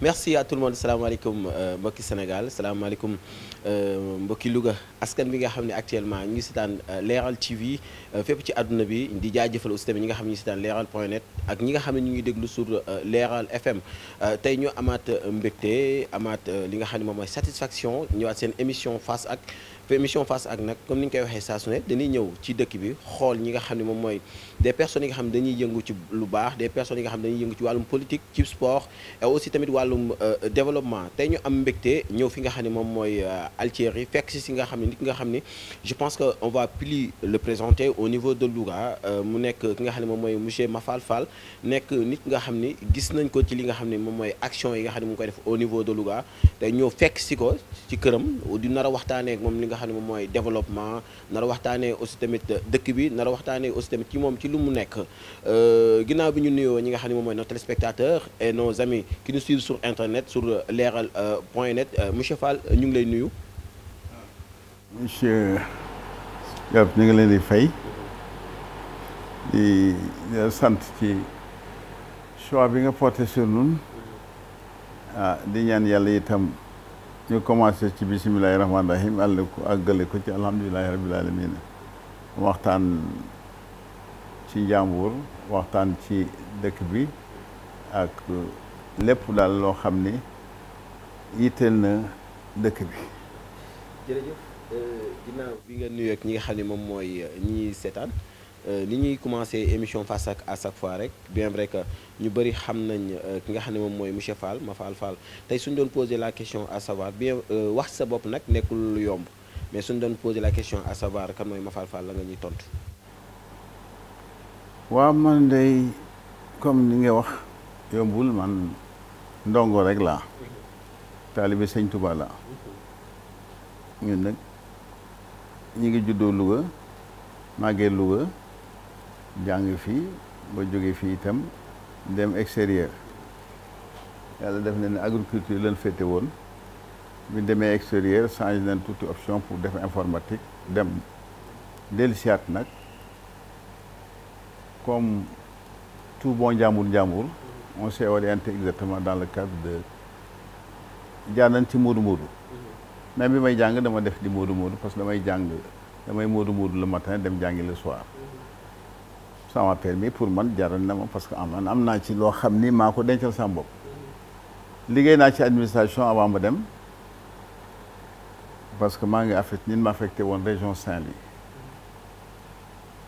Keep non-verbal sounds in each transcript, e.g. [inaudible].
merci à tout le monde salaamaaleykum euh, mbokki Sénégal salaamaaleykum euh, mbokki Louga askan bi nga xam ne actuellement ñu ngi seetaan euh, Leral TV fépp ci àdduna bi di jaajëfal aussi tamit ñi nga xam ne ñu ngi seetaan Leral point ak ñi xam ne ñu ngi déglu sur leeral FM tey ñu amaat mbégte amaat li nga xam ne moom mooy satisfaction ñëwaat seen émission face ak. émission face ak nag comme ni ñu koy waxee saa su ne dañuy ñëw ci dëkk bi xool ñi nga ñu am mbégte ñëw fi nga xam ne moom mooy Althiery fekk si si nga xam ne nit ki nga xam ni je pense que on va plus le présenter au niveau de Louga mu nekk ki nga xam ne moom mooy monsieur Mafal Fall nekk nit nga xam ni gis nañ ko ci li nga xam ne moom mooy action yi nga xam ne moom koy def au niveau de Louga tey ñëw fekk si ko ci këram di nar a moom li nga xam ne moom mooy développement nar a waxtaanee aussi tamit dëkk bi nar waxtaanee aussi tamit ci moom ci lu mu nekk euh, ginnaaw bi ñu nuyoo ñi nga xam ne moom mooy nos téléspectateurs et nos amis qui nous suivent sur internet sur euh, net euh, monsieur Fall ñu ngi lay nuyu. monsieur Diop ñu ngi leen di fay di sant ci choix bi nga porté sur ñun ah di ñaan yàlla itam. ñu commencé ci bisimilahi rahmaani rahim àll ko àggale ko ci alhamdulilahi rabil alamin waxtaan ci njàmbur waxtaan ci dëkk bi ak lépp daal loo xam ni yitteel na dëkk bi jërëjëf euh, bi nga nuyu ak xam ne moom mooy euh, ñi seetaan Euh, ni ñuy commencé émission face ak à chaque fois rek bien vrai que ñu bëri xam nañ euh, ki nga xam ne moom mooy monsieur Fall ma Fall Fall tey suñ doon poser la question à savoir bien euh, wax sa bopp nag nekkul lu yomb mais suñ doon poser la question à savoir kan mooy ma Fall Fall la nga ñuy tontu. waaw man day comme ni nga wax yombul man ndongo rek laa. taalibe sëñ Touba ñu ñun nag ngi juddoo Louga màggee Louga. jàng fii ba jóge fii itam dem extérieur yàlla def neen ne agriculture leen féete woon bi demee extérieur changé nañ tuuti option pour def informatique dem dellusiwaat nag comme tout bon njàmbur njàmbur on s'est orienté exactement dans le cadre de jaar nañ ci moodu moodu même bi may jàng dama def di moodu moodu parce que damay jàng damay moodu moodu la matin dem jàngi le soir sama permis pour man jaral na ma parce que am am naa ci loo xam ni maa ko dencal sama bopp liggéey naa ci administration avant ma dem parce que maa ngi affecté nin ma affecté woon région Saint-Louis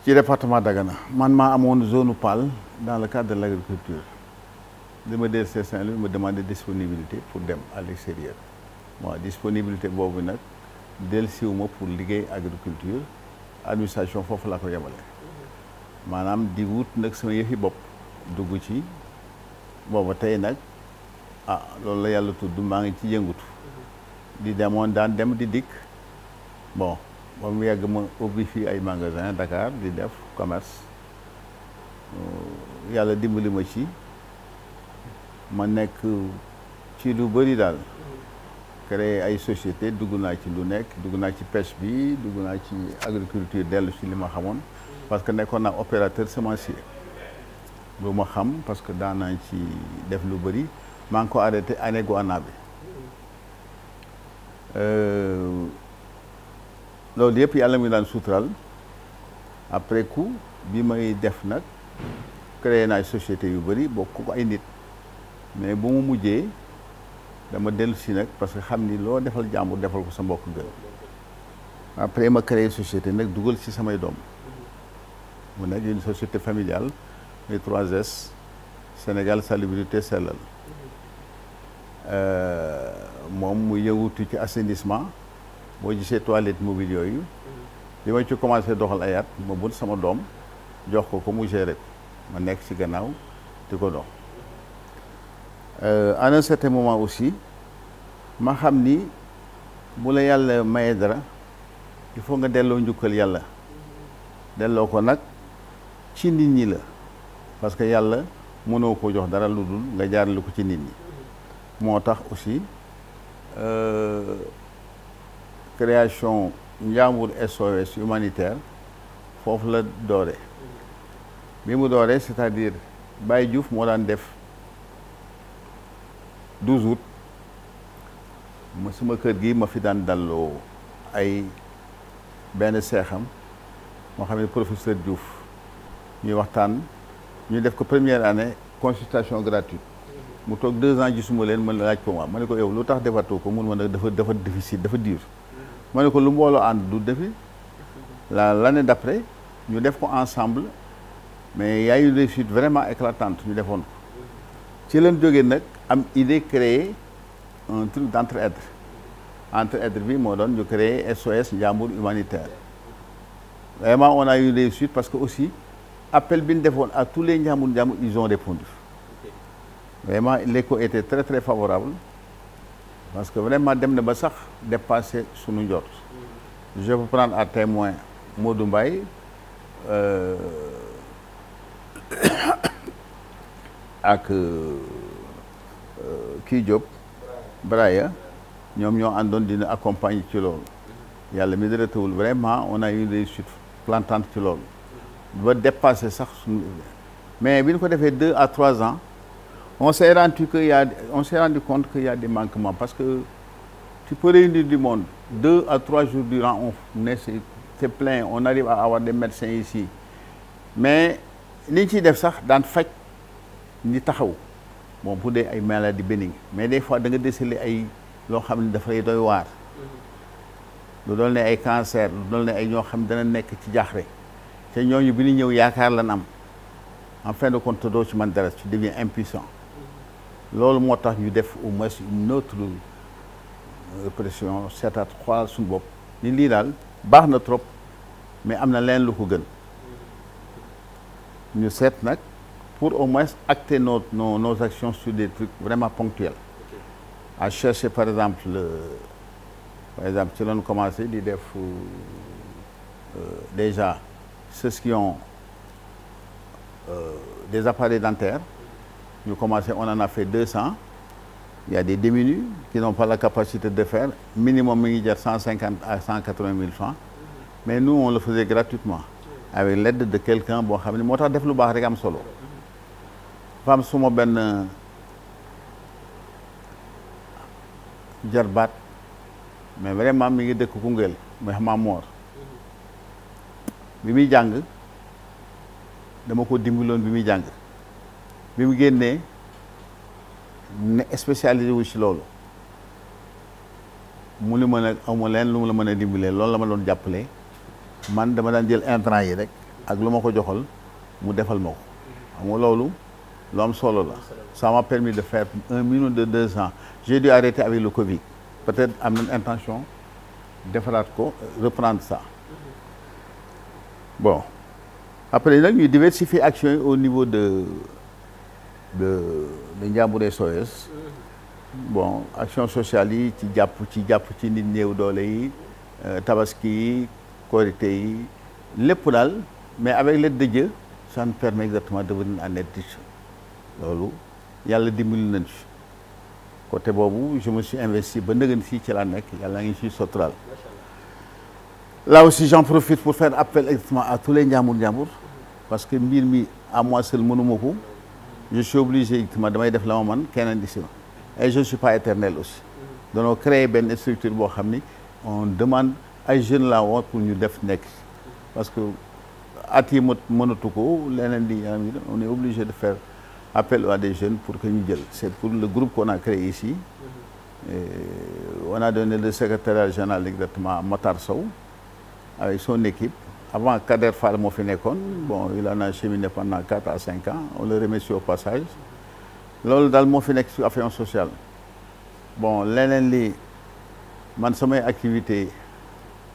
ci département Dagana man maa amoon zone PAL dans le cadre de l' agriculture li ma DRC Saint-Louis ma demandé disponibilité pour dem à l' extérieur waaw disponibilité boobu nag dellusiwu ma pour liggéey agriculture administration foofu laa ko yemale maanaam di wut nag sama yëfi bopp dugg ci booba tey nag ah loolu la yàlla tudd maa ngi ci yëngutu di demoon daan dem di dikk bon ba mu yàgg ma ubbi fii ay magasin Dakar di def commerce euh, yàlla dimbali ma ci ma nekk ci lu bëri daal créer ay société dugg naa ci lu nekk dugg naa ci pêche bi dugg naa ci agriculture dellu si li ma xamoon parce que nekkoon naa opérateur semencier lu ma xam parce que daan naa ci def lu bëri maa ko arrêté année gu annaa bi euh, loolu yëpp yàlla mi daan sutural après coup bi may def nag créé naa société yu bëri bokk ko ay nit mais bu mu mujjee dama dellu si nag parce que xam ni loo defal jàmbur defal ko sa mbokk gën après ma créé société nag dugal ci samay doom mu nekk une société familiale muy 3S Sénégal salubrité sellal euh, moom mu yëwutu ci assainissement boo gisee toilette mobile yooyu li ma ci commencé doxal ayaat at ma bun sama doom jox ko ko mu géré ma nekk ci gannaaw di ko dox euh, à un moment aussi ma xam ni bu la yàlla maye dara il faut nga delloo njukkal yàlla delloo ko nag ci nit ñi la parce que yàlla mënoo ko jox dara lu dul nga jaarale ko ci nit ñi moo tax aussi euh, création Njàmbur SOS humanitaire foofu la doore bi mu dooree c'est-à-dire Baye Diouf moo daan def douze août ma suma kër gi ma fi daan dalloo ay benn seexam moo xam ne professeur Diouf ñuy waxtaan ñu def ko première année consultation gratuite mu toog deux ans gisuma leen mën la laaj ko ma ma ne ko yow lu tax defatoo ko mun ma ne dafa dafa difficile dafa dur ma ne ko lu mbooloo ànd du defi la l'année d'après ñu def ko ensemble mais y a eu une réussite vraiment éclatante ñu defoon ko ci leen jógee nag am idée créer un truc entre entraide bi moo doon ñu créer SOS Ndiambour humanitaire vraiment on a eu une parce que aussi appel bi ñu defoon à tous les njaamu njaamu ils ont répondu vraiment l'écho était très très favorable parce que vraiment dem na ba sax dépassé sunu njort je peux prendre à témoin Modou Mbaye euh, [coughs] ak euh, kii Diop Braya ñoom ñoo àndoon dina accompagne ci yàlla mi dara tawul vraiment on a eu une réussite plantante ci ba dépasser sax mais bi nu ko defee deux à trois ans on s'est rendu que y a on s'est rendu compte que y a des parce que tu peux réunir du monde deux à trois jours durant on est c'est plein on arrive à avoir des médecins ici mais li ñu ciy def sax daan faj ñi taxaw bon bu dee ay maladies bénignes mais des fois da nga déceler ay loo xam ne dafay doy waar mm-hmm. lu doon ne ay cancer lu doon ne ay ñoo xam dana nekk ci jaaxle te ñooñu bi ñu ñëw yaakaar lan am en fin de compte doo ci man dara ci deviens impuissant loolu moo tax ñu def au moins une autre euh, pression seetaat xoolal suñu bopp ni lii daal baax na trop mais am na leen lu ko gën ñu seet nag pour au moins acte nos, nos, nos actions sur des trucs vraiment ponctuels à chercher par exemple par exemple ci lañu commencé di def euh, déjà ceux qui ont euh, des appareils dentaires ñu commencé on en fait deux cent ya y a des démunis qui n'ont pas la capacité de faire minimum mi ngi jar cent cinquante à cent quatre-vingt mille francs mais nous on le faisait gratuitement avec l'aide de quelqu'un boo xam ne moo tax def lu baax rek am solo dafa am suma benn jarbaat mais vraiment mi ngi dëkk Koungheul mais xam moor bi muy jàng dama ko dimbaloon bi muy jàng bi mu génnee ne spécialisé wul ci loolu mu ni mën a amul leen lu mu la mën a dimbalee loolu la ma doon jàppale man dama daan jël intrant yi rek ak lu ma ko joxal mu defal ma ko xam nga loolu lu am solo la ça m'a permis de faire un million de deux ans j'ai dû arrêter avec le Covid peut-être am nañ intention defaraat ko reprendre ça bon après nag ñu diversifier action yi au niveau de de de Ndiambour SOS bon action sociale yi ci jàpp ci jàpp ci nit néew doole yi euh, tabaski yi korité yi lépp daal mais avec l'aide de Dieu ça permet exactement de venir en aide loolu yàlla dimbali nañ ci côté boobu je me suis investi ba nëgën fii ci laa nekk yàlla ngi ciy sotral la aussi j'en profite pour faire appel exactement à tous les njaambur parce que mbir mi à moi mënuma ko je suis obligé exactement damay def la ma man keneen di si ma et je suis pas éternel aussi danoo créer benn structure boo xam ni on demande ay jeunes la woon pour ñu def nekk parce que at yi mot mënatu ko leneen di am on est obligé de faire appel à des jeunes pour que ñu jël c'est pour le groupe qu'on a créé ici et on le secrétaire général exactement Matar Sow avec son équipe avant Kader Fall moo fi nekkoon bon il en a cheminé pendant quatre à cinq ans on le remercie au passage loolu daal moo fi nekk sur affaire sociale bon leneen li man samay activité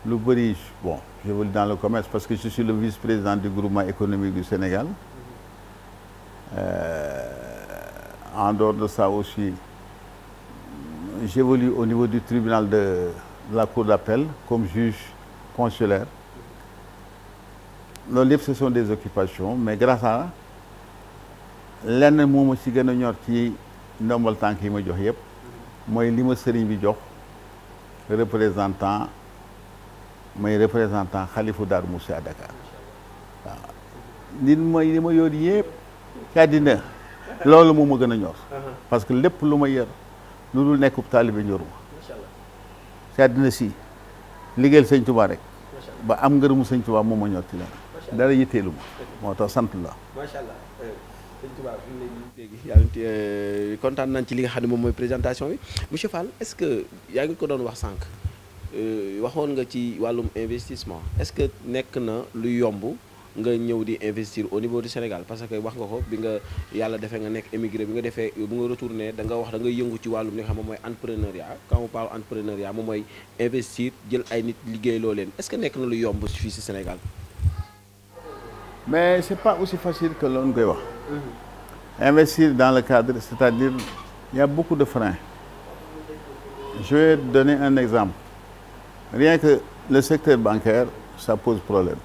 lu bëri bon je vous le dans le commerce parce que je suis le vice-président du groupement économique du Sénégal euh, en dehors de ça aussi j'évolue au niveau du tribunal de, de la cour d'appel comme juge consulaire loolu yëpp ce des occupations mais grâce lenn moomu si gën a ñor ci ndombal tànk yi ma jox yëpp mooy li ma sëriñ bi jox représentant mooy représentant xalifu Daaru Muxti à waaw nit mooy li ma yor yëpp ci loolu moo ma gën a ñor parce que lépp lu ma yor lu dul nekkub taalibe ñoruma ci si liggéeyal sëñ Tuubaa rek ba am ngërëmu sëñ Tuubaa moom ma ñor ci leen dara yitteelu ma moo tax sant la macha allah euh, sëñ Tuubaa fi euh, kontaan nañ ci li nga xam ne moom mooy présentation bi monsieur Fall est-ce que yaa ngi ko doon wax sànq euh, waxoon nga ci wàllum investissement est-ce que nekk na lu yomb nga ñëw di investir au niveau du Sénégal parce que wax nga ko bi nga yàlla defee nga nekk émigré bi nga defee bu nga retourné da nga wax da nga yëngu ci wàllum li nga xam moom mooy entrepreneuriat quand on parle entrepreneuriat moom mooy investir jël ay nit liggéey loo leen est-ce que nekk na lu yomb fii si Sénégal. mais est pas aussi facile que loolu koy wax. Mm-hmm. investir dans le cadre c'est-à-dire il y a beaucoup de freins. Je vais donner exemple. Rien que le secteur bancaire, ça pose problème.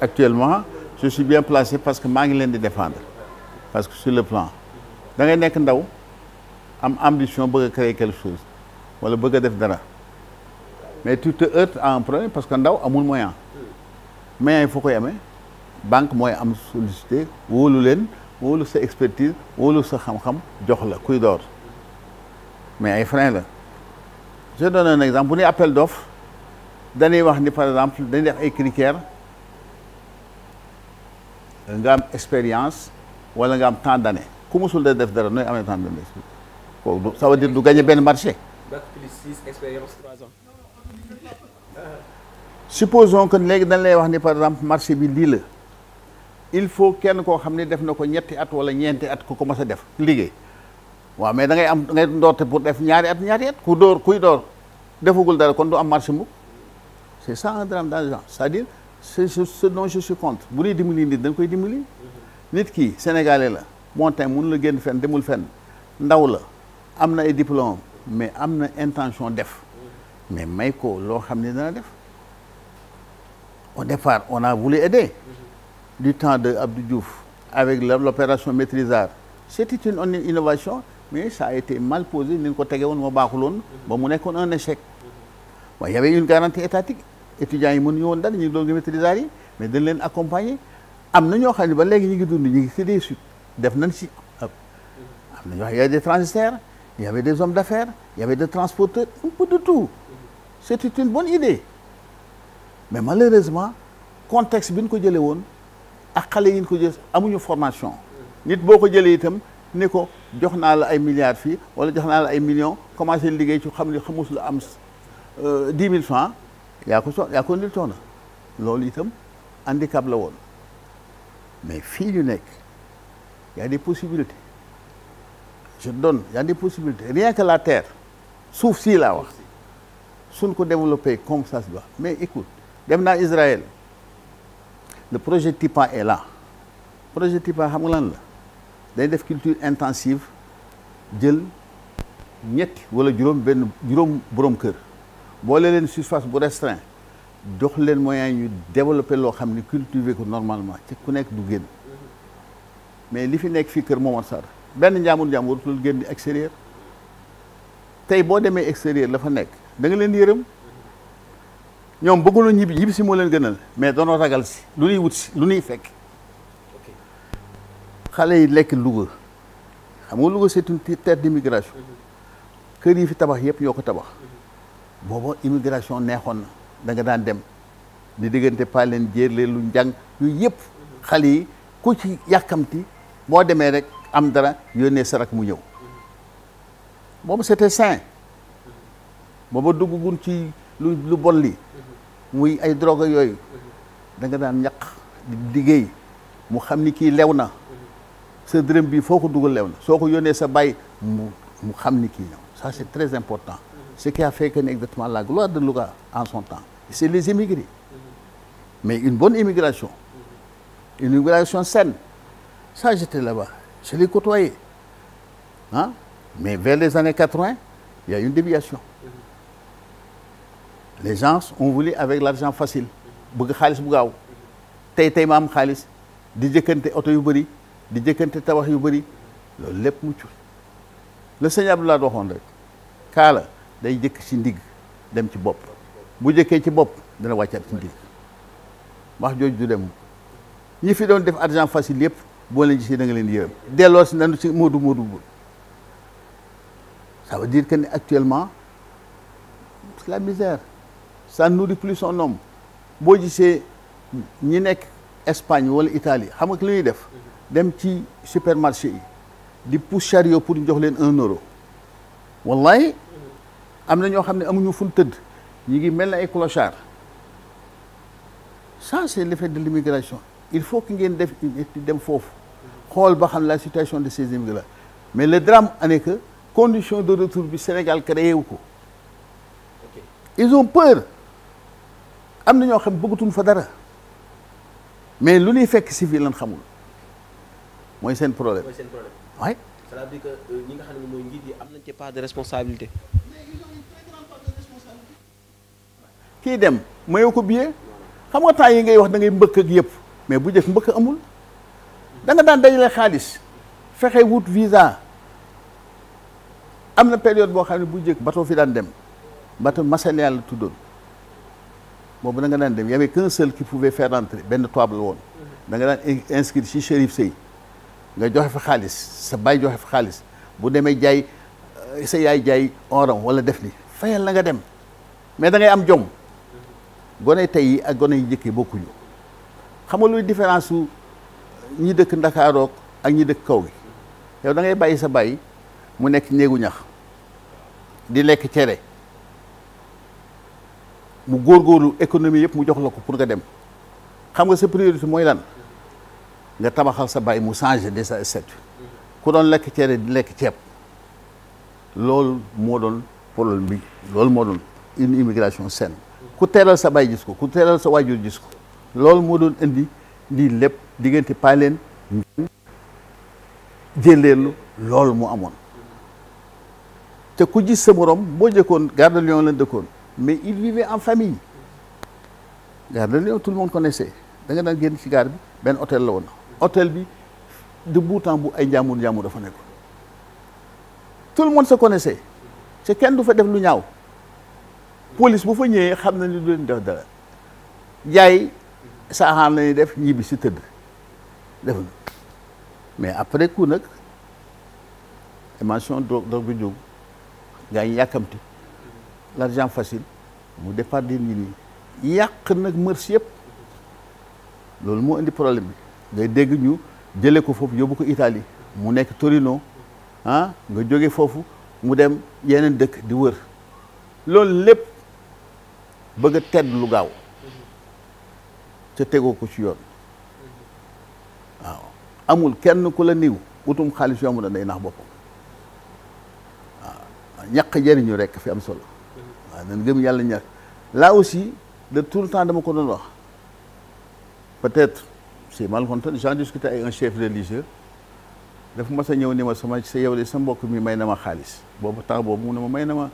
actuellement je suis bien placé parce que maa ngi leen di défendre parce que sur le plan dangay nekk ndaw am ambition bëgg a créer quelque chose wala bëgg a def dara mais tu te heurtes à problème parce que ndaw amul moyen moyen yi foo ko amee banque mooy am sollicité wóolu leen wóolu sa expertise wóolu sa xam-xam jox la kuy door mais ay frein la je donne exemple bu ñuy appel d'offre dañuy wax ni par exemple dañuy def ay critères nga am expérience wala nga am temps d'année ku musul de def dara nooy amee temps d'année kooku ça du gagné benn marché. bac plus six expérience que léegi dañ lay wax ni par exemple marché bi lii la il faut kenn koo xam ne def na ko ñetti at wala ñeenti at ku ko mës def liggéey waaw mais dangay am da ngay ndoorte pour def ñaari at ñaari at ku door kuy door defagul dara kon du am marché mukk c'est ça un drame dans le c'est ce dont je suis contre bu dee dimbali nit da nga koy dimbali. nit ki sénégalais la montagne mun la génn fen demul fenn ndaw la am na ay diplôme mais am na intention def mais may ko loo xam ne dana def au départ on a voulu aider du temps de Abdou Diouf avec l'opération Maîtrisard c'était une innovation mais ça a mal posé ni ko tege woon moo baaxuloon ba mu nekkoon un échec waaye y avait une garantie étatique étudiants yi mënuñu woon dara ñu ngi doon maîtrise yi mais dañ leen accompagner am na ñoo xam ne ba léegi ñu ngi dund ñu ngi ci des suites def nañ ci ëpp am na ñoo xam y avait des transitaires y avait des hommes d'affaires y avait des transporteurs un peu de tout c'était une bonne idée mais malheureusement contexte bi nu ko jëlee woon ak xale yi ñu ko jël amuñu formation nit boo ko jëlee itam ne ko jox naa la ay milliards fii wala jox naa la ay millions commencé liggéey ci xam ne xamus la am euh, dix mille francs yaa ko so yaa ko ndil coono loolu itam handicap la woon mais fii ñu nekk y a des possibilités je donne y a des rien que la terre suuf sii laa wax suñ ko développé comme ça se doit mais écoute dem naa Israël le projet TIPA est la projet TIPA xam nga lan la day def culture intensive jël ñetti wala juróom benn juróom borom kër boo leen surface bu restreint jox leen moyens ñu développer loo xam ni cultiver ko normalement ci ku nekk du génn mais li fi nekk fii kër Momar Sarr benn njaamur njaamur wartul génn extérieur tey boo demee extérieur la nekk da nga leen yërëm ñoom bëgguloo ñibbi ñibbi si moo leen gënal mais doonoo ragal si lu ñuy wut si lu ñuy fekk xale yi lekk Louga xam nga Louga c'est une terre d'immigration mhm. kër yi fi tabax yëpp ñoo ko tabax booba immigration neexoon na da nga daan dem di diggante leen jéerle lu njàng yooyu yëpp xale yi ku ci yàkkamti boo demee rek am dara yónnee sarak mu ñëw boobu c'était sain booba duggugun ci lu lu bon li muy ay drogue yooyu da nga daan ñaq liggéey mu xam ni kii lew na sa dërëm bi foo ko dugal lew na soo ko yónnee sa bàyyi mu mu xam ni kii ñëw ça c'est très important ce qui a fait que exactement la gloire de Louga en son temps c'est les immigrés mais une bonne immigration une immigration saine ça j'étais là-bas je les côtoyais ah mais vers les années quatre il y a une déviation les gens ont voulu avec l'argent facile bëgg xaalis bu gaaw tey tey ma am xaalis di jëkkante oto yu bëri di jëkkante tabax yu bëri loolu lépp muccul le sëñ Abdoulaye waxoon rek day jëkk ci ndigg dem ci bopp bu jëkkee ci bopp dana wàccaat ci ndigg wax jooj du dem ñi fi doon def argent facile yëpp boo leen gisee da nga leen yërëm delloo si nanu si moodu moodu bu ça veut dire que ne actuellement c'est la misère ça de plus son homme boo gisee ñi nekk Espagne wala Italie xam nga li ñuy def dem ci supermarché yi di pousse pour ñu jox leen un euro wallahi am na ñoo xam ne amuñu fun tëdd ñu ngi mel na ay clochard ça c'est l'effet de l'immigration il faut que ngeen def dem foofu xool ba xam la situation de ces immigrés mais le drame en est que condition de retour bi Sénégal créé wu ko ils ont peur am na ñoo xam bëggatuñ fa dara mais lu ñuy fekk si fii lan xamul mooy seen problème mooy seen problème. oui. que euh, ñi nga xam ne mooy njiit am nañ ci part de responsabilité. kii dem mayoo ko billet xam nga temps yi ngay wax da ngay mbëkk ak yëpp mais bu def mbëkk amul danga daan dajale xaalis fexe wut visa am na période boo xam ne bu njëkk batoo fi daan dem bateau Massalia yàlla tuddoon boobu da nga daan dem y avait qu'un seul qui pouvait faire benn toile woon da nga daan inscrire si Chérif Sey nga joxe fi xaalis sa baay joxe fa xaalis bu demee jaay euh, sa yaay jaay oram wala def ni fayal la nga dem mais da ngay am jom gone tey yi ak gone yi njëkkee bokkuñu xam nga luy différence su ñi dëkk ndakaarook ak ñi dëkk kaw gi yow dangay ngay bàyyi sa bàyyi mu nekk néegu ñax di lekk cere mu góor góorgóorlu économie yëpp mu jox la ko pour nga dem xam nga sa priorité mooy lan nga tabaxal sa bàyyi mu changé de sa statut ku doon lekk cere di lekk ceeb loolu moo doon problème bi loolu moo doon une immigration saine ku teral sa baay gis ko ku teral sa waajur gis ko loolu moo doon indi lii lépp diggante paaleen jëleelu loolu mu amoon te ku jis sa morom boo jëkkoon Gare de lañ dëkkoon mais il vive en famille Gare de Lyon tout le monde connaissait da nga daan génn si gare bi benn hôtel la woon hôtel bi de bout temps bu ay njàmbur njàmbur dafa nekk tout le monde sa connaissait te kenn du fa def lu ñaaw police bu fa ñëwee xam na ni du leen def dara jaay saaxaan la def ñibbi si tëdd def na mais après coup nag émission drogue drogue bi jóg gaa yàkkamti l'argent facile mu départ di nit ñi yàq nag mœurs yëpp loolu moo indi problème bi ngay dégg ñu jële ko foofu yóbbu ko Italie mu nekk Torino ah nga jóge foofu mu dem yeneen dëkk di wër loolu lépp bëgg a tedd lu gaaw te tegoo ko ci yoon waaw amul kenn ku la niw utum xaalis yomb na day nax boppam waaw ñàkk jëriñu rek fi am solo waaw nan gëm yàlla ñàkk là aussi de tout le temps dama ko doon wax peut-être c'est mal content j'en discutais avec un chef religieux dafa mas a ñëw ni ma sama sa yow de sa mbokk mii may na ma xaalis boobu temps boobu mu ne ma may na ma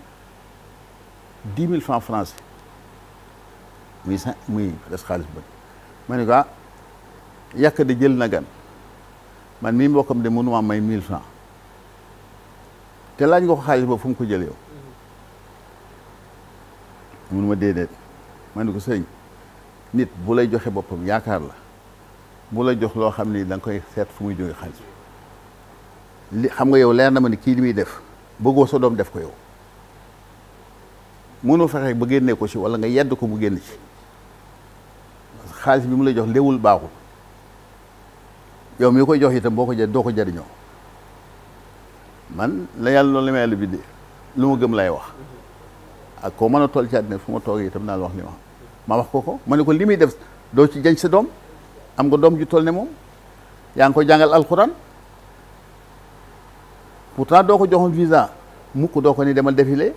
dix mille francs français muy sa muy des xaalis ba ma ne ko ah yàkk de jël na man mii mbokkam de mënuma may mille franc te laaj nga ko xaalis ba fu mu ko jël yow mënuma déedéet ma ne ko sëñ nit bu lay joxe boppam yaakaar la bu la jox loo xam ni danga koy seet fu muy jóge xaalis li xam nga yow leer na ma ni kii li muy def bëggoo sa def ko yow mënoo fexe ba génnee ko ci walla nga yedd ko mu génn ci xaalis bi mu lay jox léwul baaxul yow mi koy jox itam boo ko jë doo ko jariñoo man la yàlla loolu li ma yàlla bindee lu ma gëm lay wax ak koo mën a toll ci àddina fu ma toogee itam naa la wax li ma ma wax ko ko ma ne ko li muy def doo ci jañ sa doom am nga doom ju toll ne moom yaa ngi koy jàngal alxuraan pourtant doo ko joxoon visa mukk doo ko ni demal défilé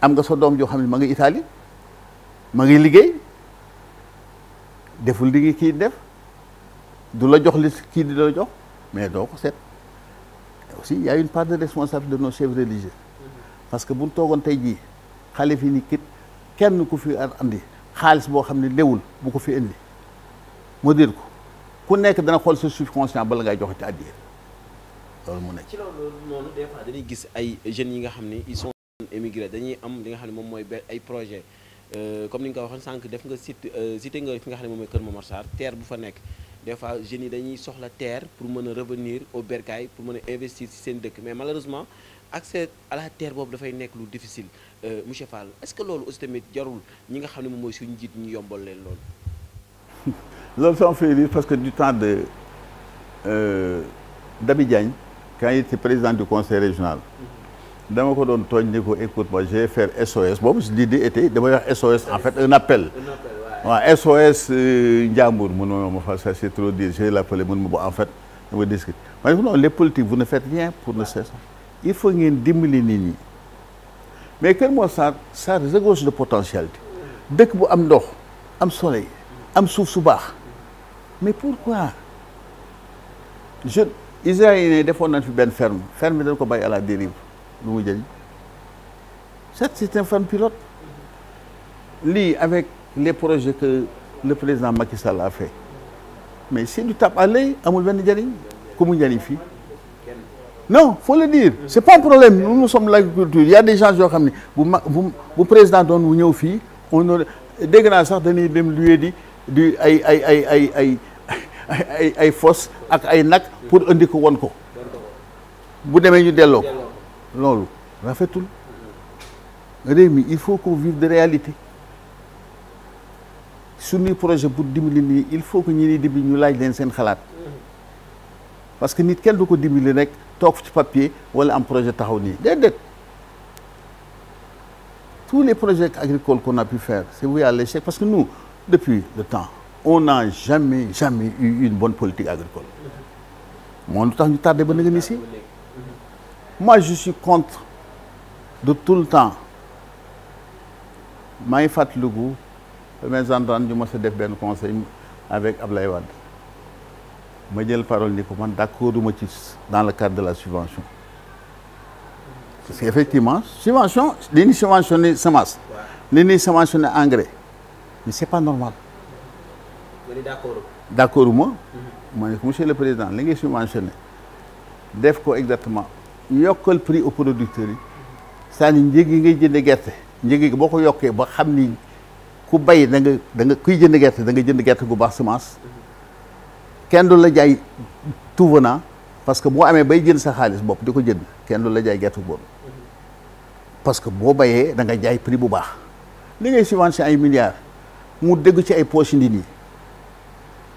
am nga sa doom joo xam ne ma ngi itali ma ngi liggéey deful li ngi kii def du la jox li kii di la jox mais doo ko seet aussi il y une part de responsabilité de nos chefs religieux parce que buñ toogoon tey jii xalif yi ni kit kenn ku fi a andi xaalis boo xam ne léwul bu ko fi indi mu dir ko ku nekk dana xool sa subconscient bala ngay joxe ci àddiya loolu mu nekk ci loolu dañuy gis ay jeunes yi nga xam ne ils sont dañuy am li nga xam ne moom mooy ay projet Euh, comme ni nga ko waxoon sànq def nga cité euh, cité nga fi nga xam ne moom mooy Kër Momar Sarr terre bu fa nekk des fois jeunes yi dañuy soxla terre pour mën a revenir au bercail pour mën a investir ci seen dëkk mais malheureusement accès à la terre boobu dafay nekk lu difficile euh, monsieur Fall est-ce que loolu aussi tamit jarul ñi nga xam ne moom mooy suñu njiit ñu yombal leen loolu. [laughs] loolu ça me fait parce que du temps de euh, Dabi Diagne quand il était président du conseil régional. Mm-hmm. dama ko doon tooñ ni ko écoute moi j'ai faire SOS boobu l'idée été damay wax SOS en fait un appel waaw SOS euh, Ndiambour mun ma ma fa ça c'est trop dire j'ai l'appelé mun ma bo en fait dama discuter ma ne ko non les politiques vous ne faites rien pour ne cesse il faut ngeen dimbali nit ñi mais Kër Massar ça regorge de potentialité dëkk bu am ndox am soleil am suuf su baax mais pourquoi je israéliens defoon nañ fi benn ferme ferme dañ ko bàyyi à la dérive lu mu jëriñ certes c'est un fan pilote lii avec les projet que le président Macky Sall a fait mais c'est du tape à l'œil amul benn njëriñ ku mu njëriñ fii non faut le dire c'est pas un problème nous nous sommes l'agriculture il y a des gens yoo xam ne bu ma bu président doon wu ñëw fii on aurait sax dañuy dem luwe di du ay ay ay ay ay ay ay fosse ak ay nag pour indi ko won ko bu demee ñu delloo loolu rafetul réew mi il faut qu'on vive de réalité suñuy projet bu dimbali nii il faut que ñi ni dimbali ñu laaj leen seen xalaat parce que nit kenn du ko dimbali rek toog ci papier wala am projet taxaw nii déedéet tous les projets agricoles qu'on a pu faire c'est voué à l'échec parce que nous depuis le temps on n'a jamais jamais eu une bonne politique agricole moom lu tax ñu tardé ba nga ni si moi je suis contre de tout le temps maa ngi fàttaliku mes ententes ñu mos a def benn conseil avec Ablaye Wade ma jël parole ni ko man d'accord duma ci dans le cadre de la subvention parce que effectivement subvention li ñuy subventionné semence li ñuy subventionné engrais mais c'est pas normal d'accord d'accord ma ma mhm. ne monsieur le président li ngay subventionné def ko exactement yokkal prix aux producteurs yi saani njëg yi ngay jënd gerte njëg yi boo ko yokkee ba xam ni ku bay da nga da nga kuy jënd gerte da nga jënd gerte gu baax semence kenn du la jaay tout venant parce que boo amee bay jënd sa xaalis bopp di ko jënd kenn du la jaay gerte boobu parce que boo bayee da nga jaay prix bu baax li ngay subventionné ay milliards mu dëgg ci ay poche nit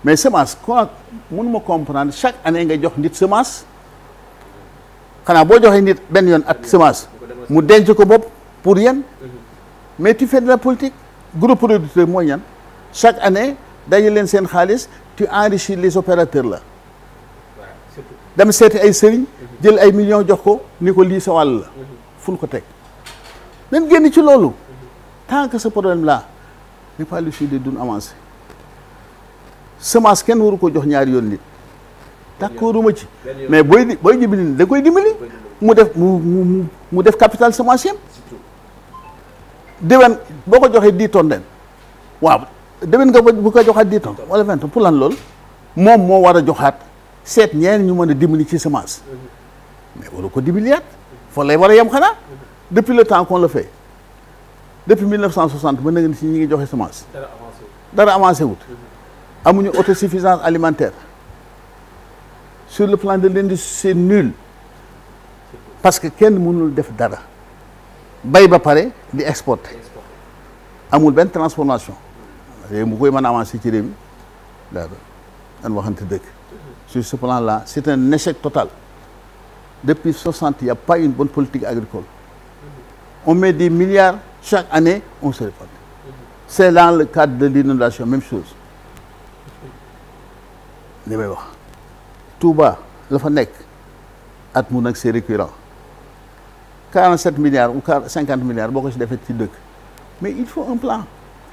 mais semence quoi mënuma comprendre chaque année nga jox nit semence xanaa boo joxee nit benn yoon ak semence mu denc ko bopp pour yéen mais tu fais de la politique groupe producteur mooy ñan chaque année dañu leen seen xaalis tu enrichis les opérateurs la dem seeti ay sëriñ jël ay millions jox ko ni ko lii sa wàll la fu ko teg nañ génn ci loolu tant que ce problème là n'est pas lu si de duñ avancé semence kenn waru ko jox ñaari yoon nit d'accord ma ci mais booy booy dimbali da koy dimbali mu def mu mu def capital semencier déwén boo ko joxee dix tonnes den waaw déwén nga bu ko joxaat dix tonnes wala vingt pour lan loolu moom moo war a joxaat seet ñeen ñu mën a dimbali ci semence mais waru ko dibiliyaat fa lay war a yem xanaa depuis le temps qu'on le fait depuis 1960 mën na nga ni si ñi ngi joxe semence dara avancé wut amuñu autosuffisance alimentaire sur le plan de l'industrie c'est nul parce que kenn mënul def dara bay ba pare di exporter amul benn transformation léegi mu koy man a avancer ci réew mi daal dañ waxante dëgg sur ce plan là c'est un échec total depuis 60 il n'y pas une bonne politique agricole on met des milliards chaque année on se répand c'est dans le cadre de l'inondation même chose li may wax ba la fa nekk at mu nag c'est récurrent 47 milliards ou 50 milliards boo ko si defee ci dëkk mais il faut un plan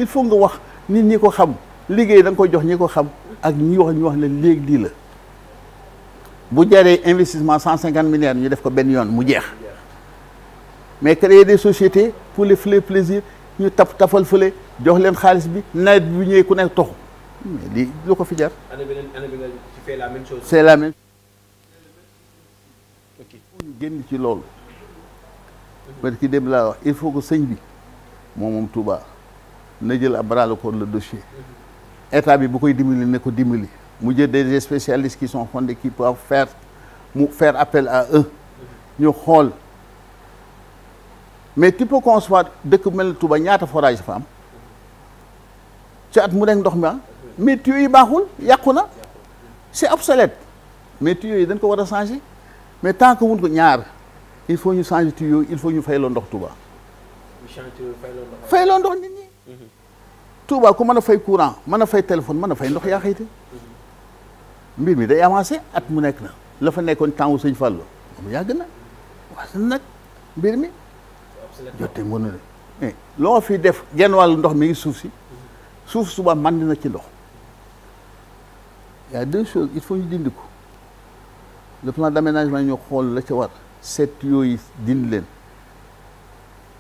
il faut nga wax nit ñi ko xam liggéey da koy jox ñi ko xam ak ñi wax ñu wax leen léegi di la bu jaree investissement cinquante milliards ñu def ko benn yoon mu jeex mais créer des sociétés pour les fleurs plaisir ñu taf tafal fële jox leen xaalis bi nawet bi bu ñëwee ku nekk toxu mais lii lu ko fi jar. la même chose. génn ci loolu. parce que dem laa wax il faut que sëñ bi moom moom Touba na jël à bras le corps dossier. état bi bu koy dimbali ne ko dimbali mu jël des spécialistes qui sont fondés qui peuvent faire mu faire appel à eux. ñu xool mais tu peux dëkk mel ni Touba ñaata forage fa am. ci at mu nekk ndox mi ah? mais tuyaux yi baaxul yàqu na c'est obsolète mais tuyaux yi dañ ko war a changer mais tant que wun ko ñaar il faut ñu changer tuyaux il faut ñu fay loo ndox Touba. fay loo ndox nit ñi. Mhm. Touba ku mën a fay courant mën a fay téléphone mën a fay ndox yaa xëyte mhm. mbir mi day avancé at mu nekk na la fa nekkoon temps wu sëñ Fallou moom yàgg na waaw nag mbir mi. jotte mën na de eh, loo fii def genn wàllu ndox mi ngi suuf si mhm. suuf suba màndi na ci ndox. y a deux choses il faut ñu dindi ko le plan d'aménagement ñu xool la ca war seet yooyu dindi leen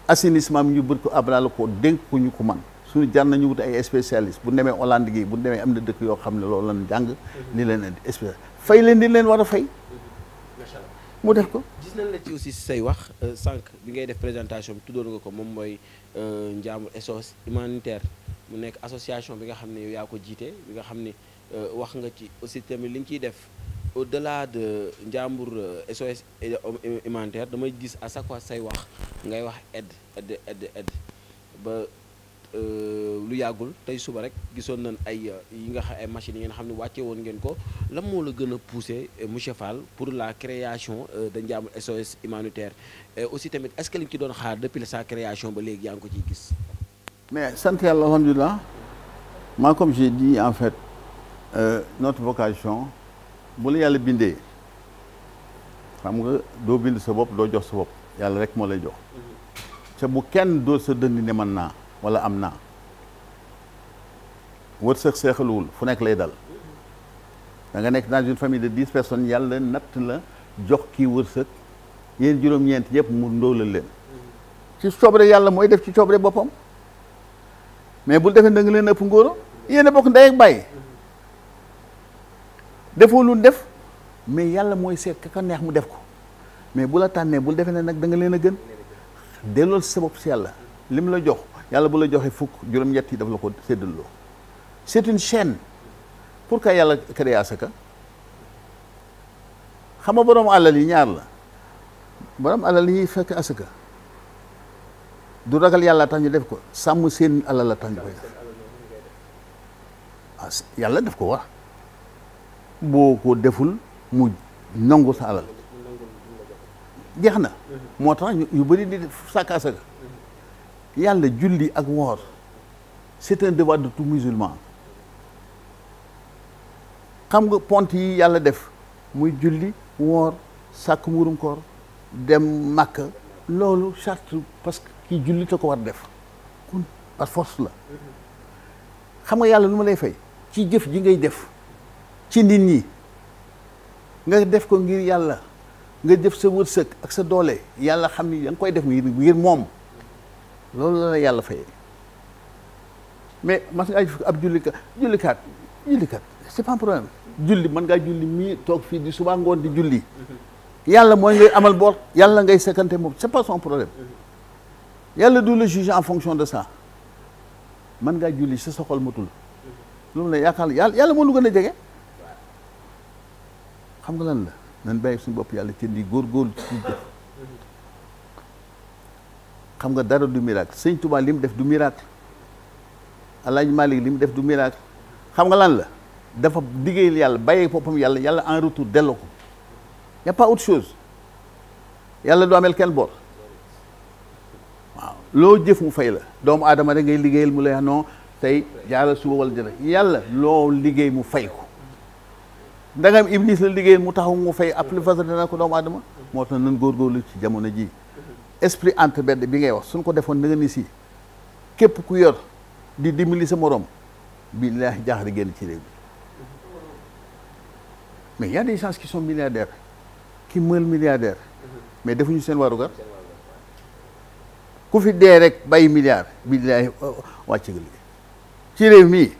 assainissement bi ñu bët ko abalal ko dénk ko ko man suñu jar nañu wut ay spécialiste bu demee Hollande gi bu am na dëkk yoo xam ne loolu lañ jàng ni fay leen di leen war a fay mu def ko gis nañ say wax euh, sànq bi ngay def présentation bi ko moom mooy euh, Ndiambour SOS humanitaire mu nekk association bi nga xam ne yow yaa ko jiite bi nga xam ne Euh, wax nga ci aussi tamit li ñu ciy def au delà de Ndiambour SOS euh, euh, humanitaire damay gis à chaque fois say wax ngay wax ed aide aide aide ba lu yàggul tey suba rek gisoon nan ay yi nga xam ay machines yi ngeen xam ne wàcce woon ngeen ko la moo la gën a poussé monsieur pour la création de Ndiambour SOS humanitaire aussi tamit est-ce li ci doon xaar depuis sa création ba léegi yaa ngi ko ciy gis. mais sant yàlla alhamdulilah comme j'ai dit en fait. Euh, notre vocation bu la yàlla bindee xam nga doo bind sa bopp doo jox sa bopp yàlla rek moo lay jox ca bu kenn doo sa dënd ne man naa wala am naa wërsëg seexaluwul fu nekk lay dal da nekk dans une famille de dix personnes yàlla natt la jox kii wërsëg yéen juróom-ñeent yëpp mu ndóolal leen ci coobare yàlla mooy def ci coobare boppam mais bul defee da leen ëpp ngóoro yéen bokk ndey ak bàyyi defoo lu def mais yàlla mooy seet ka neex mu def ko mais bu la tànnee bul defee ne nag da nga leen a gën dellool sa bopp si yàlla li mu la jox yàlla bu la joxee fukk juróom-ñett yi daf la ko séddaloo c'est une pour pourquoi yàlla créé asaka xam nga borom alal yi ñaar la borom alal yi fekk asaka du ragal yàlla tax ñu def ko sàmm seen alal la tax ñu koy def ah, yàlla daf ko wax boo ko deful mu nangu sa jeex na moo tax yu bëri di sàkka sàkka yàlla julli ak woor c'est un devoir de tout musulman xam nga pont yi yàlla def muy julli woor sàkk murum koor dem màkk loolu charte parce que kii julli te ko war def kon par force la xam nga yàlla lu ma lay fay ci jëf ji ngay def ci nit ñi nga def ko ngir yàlla nga def sa wërsëg ak sa doole yàlla xam ni da koy def ngir ngir moom loolu la la yàlla fayee mais mas ngaa ab jullika jullikaat jullikat c'est pas un problème julli mën ngaa julli mii toog fii di subaa ngoon di julli yàlla mooy ngay amal boor yàlla ngay sekkante moom c'est pas son problème yàlla du la juger en fonction de ça mën ngaa julli sa soxal matul loolu la yaakaar yàlla yàlla moo lu gën a jege xam nga lan la nan bàyyi suñ bopp yàlla ci di góor ci def xam nga dara du miracle sëñ Touba li def du miracle Alaaji Malik li mu def du miracle xam nga lan la dafa liggéeyal yàlla bàyyee boppam yàlla yàlla en retour ko y yàlla du amel kenn bor waaw loo jëf mu fay la doomu aadama rek ngay liggéeyal mu lay non tey jaaral suba wala jërë yàlla loo liggéey mu fay ko ndagam iblis la liggéey mu taxaw mu fay ab li fas dana ko doomu aadama moo tax nan góorgóorlu ci jamono ji esprit entre benn bi ngay wax suñ ko defoon na nga si képp ku yor di dimbali sa morom billaahi jaaxle génn ci réew bi mais y a des gens qui sont mais defuñu seen warugar ku fi dee rek bàyyi milliard billaahi wàcc nga liggéey ci réew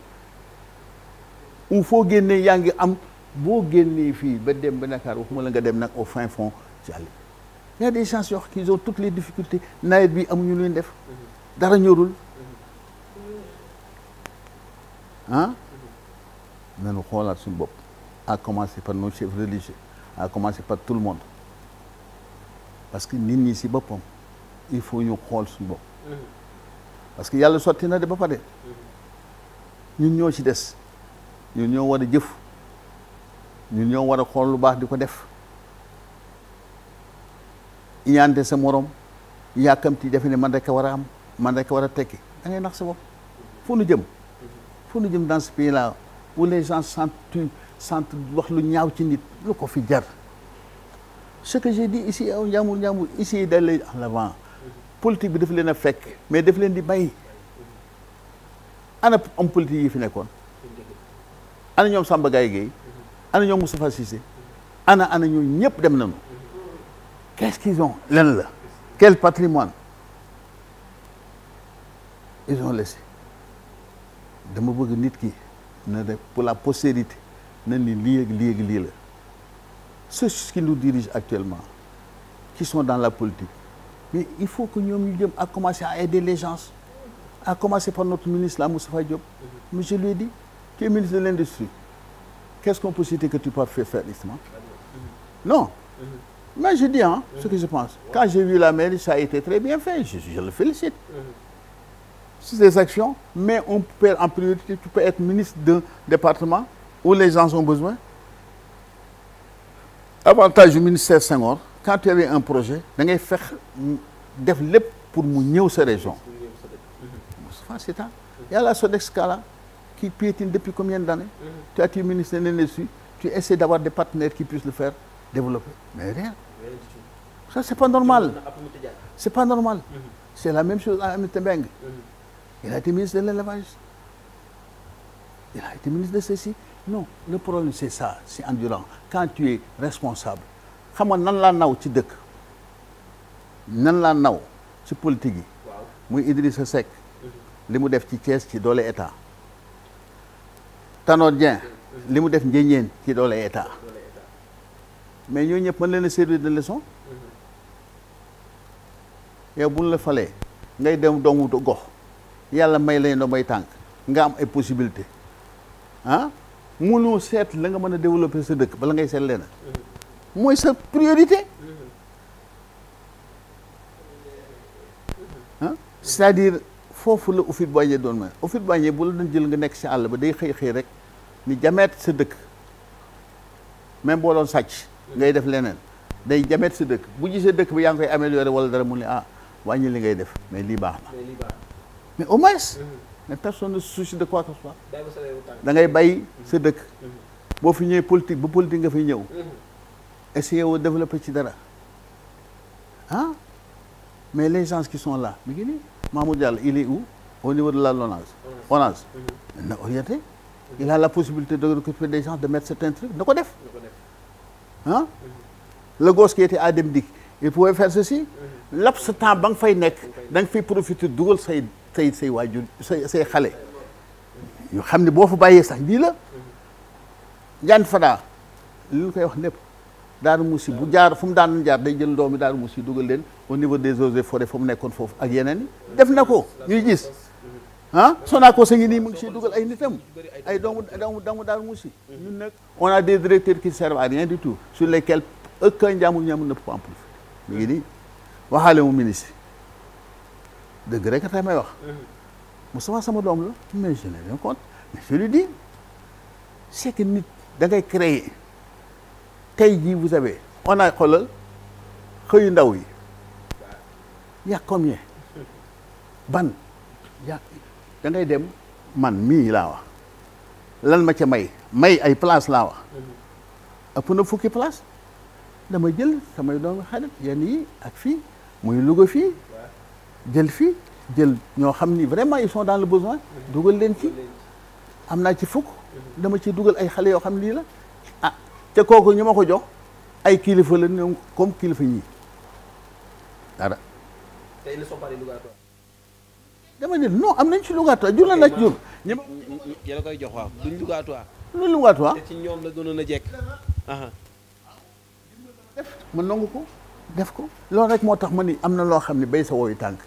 u foo génnee yaa ngi am boo génnee fii ba dem ba Dakar waxuma la nga dem nag au fin fond ci àll y a des gens yoo xam ils ont toutes les difficultés nawet bi amuñu lu ñu def dara ñorul ah nanu xoolaat suñ bopp à commencer par nos chefs religieux à commencer par tout le monde parce que nit ñi si boppam il faut ñu xool suñ bopp parce que yàlla sotti na de ba pare ñun ñoo ci des ñun ñoo war a jëf ñu ñoo war a xool lu baax di ko def yante sa moroom yàkkamti defe ne man rek war a am man rek war a tekki da ngay nax sa bopp fu nu jëm fu nu jëm dans ce pays là où les gens sentent wax lu ñaaw ci nit lu ko fi jar ce que j'ai dit ici aw Ndiambour Ndiambour ici da lay en avant bi daf leen a fekk mais daf leen di bàyyi ana homme politique yi fi nekkoon ana ñoom Samba Gaye Guèye ana ñoom Moustapha Cissé ana ana ñooñu ñëpp dem na qu'est-ce qu'ils ont lan la quel patrimoine ils ont laissé dama bëgg nit ki na def pour la postérité na ni lii ak lii la ceux qui nous dirigent actuellement qui son dans la politique mais il faut que ñoom ñu jëm à commencer à aider les gens à commencer par notre ministre la Moustapha Diop mais je lui ai dit qui ministre de l'industrie qu'est-ce qu'on peut citer que tu peux faire, faire Non. Mais je dis hein, ce que je pense. Quand j'ai vu la mairie, ça a été très bien fait. Je, le félicite. C'est des actions, mais on peut en priorité, tu peux être ministre d'un département où les gens ont besoin. Avantage du ministère Senghor, quand tu avais un projet, da ngay fex def lépp pour mu ñëw sa région. Moustapha Sy Tall, yàlla là kii piétine depuis combien d'années mm -hmm. Tu as été ministre de l'Industrie, tu essaies d'avoir des partenaires qui puissent le faire développer. Mais rien. c'est pas normal. C'est la même chose à Amity Beng. Mm -hmm. Il a été ministre de l'élevage. Il a été ministre de ceci. Non, le problème c'est ça, c'est endurant. Quand tu es responsable, xam nga nan laa naw ci dëkk nan laa naw ci politique yi. muy Idrissa Seck. li mu def ci Thiès ci doole état. Tanor Dieng li mu def njëñeen ci doole état mais ñoo ñëpp mën leen a servir de leçon yow bu ñu la falee ngay dem doomu gox yàlla may lay ndombay tànk nga am ay possibilité ah mënoo seet la nga mën a développer sa dëkk bala ngay seet leena mooy sa priorité ah c'est-à-dire foofu la Houphouët-Boigny doon ma Houphouët-Boigny bu la doon jël nga nekk si àll ba day xëy xëy rek ni jameet sa dëkk même boo doon sàcc ngay def leneen day jameet sa dëkk bu gisee dëkk bi yaa ngi koy améliorer wala dara mu ne ah wàññi li ngay def mais lii baax na mais au moins mm-hmm. mais personne ne de quoi que ce soit da bay sa mm-hmm. dëkk mm-hmm. boo fi ñëwee politique bu politique nga fi ñëw essayer woo développer ci dara ah mais les gens qui sont là mi ngi nii Mahmoud Diallo il est où au niveau de la lonage ONAS na orienté il a la possibilité de recruter des gens de mettre certains trucs na ko def ah le gosse qui était à Demdik il pouvait faire ceci laps sa temps ba nga fay nekk da nga fiy profiter dugal say say say waajur say say xale yoo xam ne boo fa bàyyee sax lii la njaan fadaa lu ñu koy wax lépp daaru musi bu jaar fu mu daan jaar day jël doomi daaru musi dugal leen au niveau des eaux et forêts fa mu nekkoon foofu ak yeneen def na ko ñuy gis ah Sonacos a ngi nii mu ngi siy dugal ay nitam ay doomu doomu daal mu si ñun nag on a des directeurs qui servent à rien du tout sur lesquels aucun njaamu ñaamu ne peut en ngi nii waxaale mu ministre dëgg rek tax may wax Moustapha sama doom la mais je n'ai rien contre mais je lui dis c'est que nit da ngay créer tey vous avez on a xoolal xëyu ndaw yi y a combien ban a da dem man mii laa wax lan ma ca may may ay place laa wax mm-hmm. ëpp na fukki place dama jël samay doomu xarit yenn yi ak fii muy Louga fii jël fii jël ñoo xam ni vraiment ils sont dans le besoin mm-hmm. dugal leen ci am naa ci fukk mm-hmm. dama ci dugal ay xale yoo xam lii la ah te kooku ñu ma ko jox ay kilifa la ñoom comme kilifa yii dara. te dama ne non am nañ ci Lougatou jur la laaj jur. ñi la koy jox waaw duñ ci ñoom la gënoon a jekk. def ma nangu ko def ko loolu rek moo tax ma ni am na loo xam ne bay sa wooyu tànk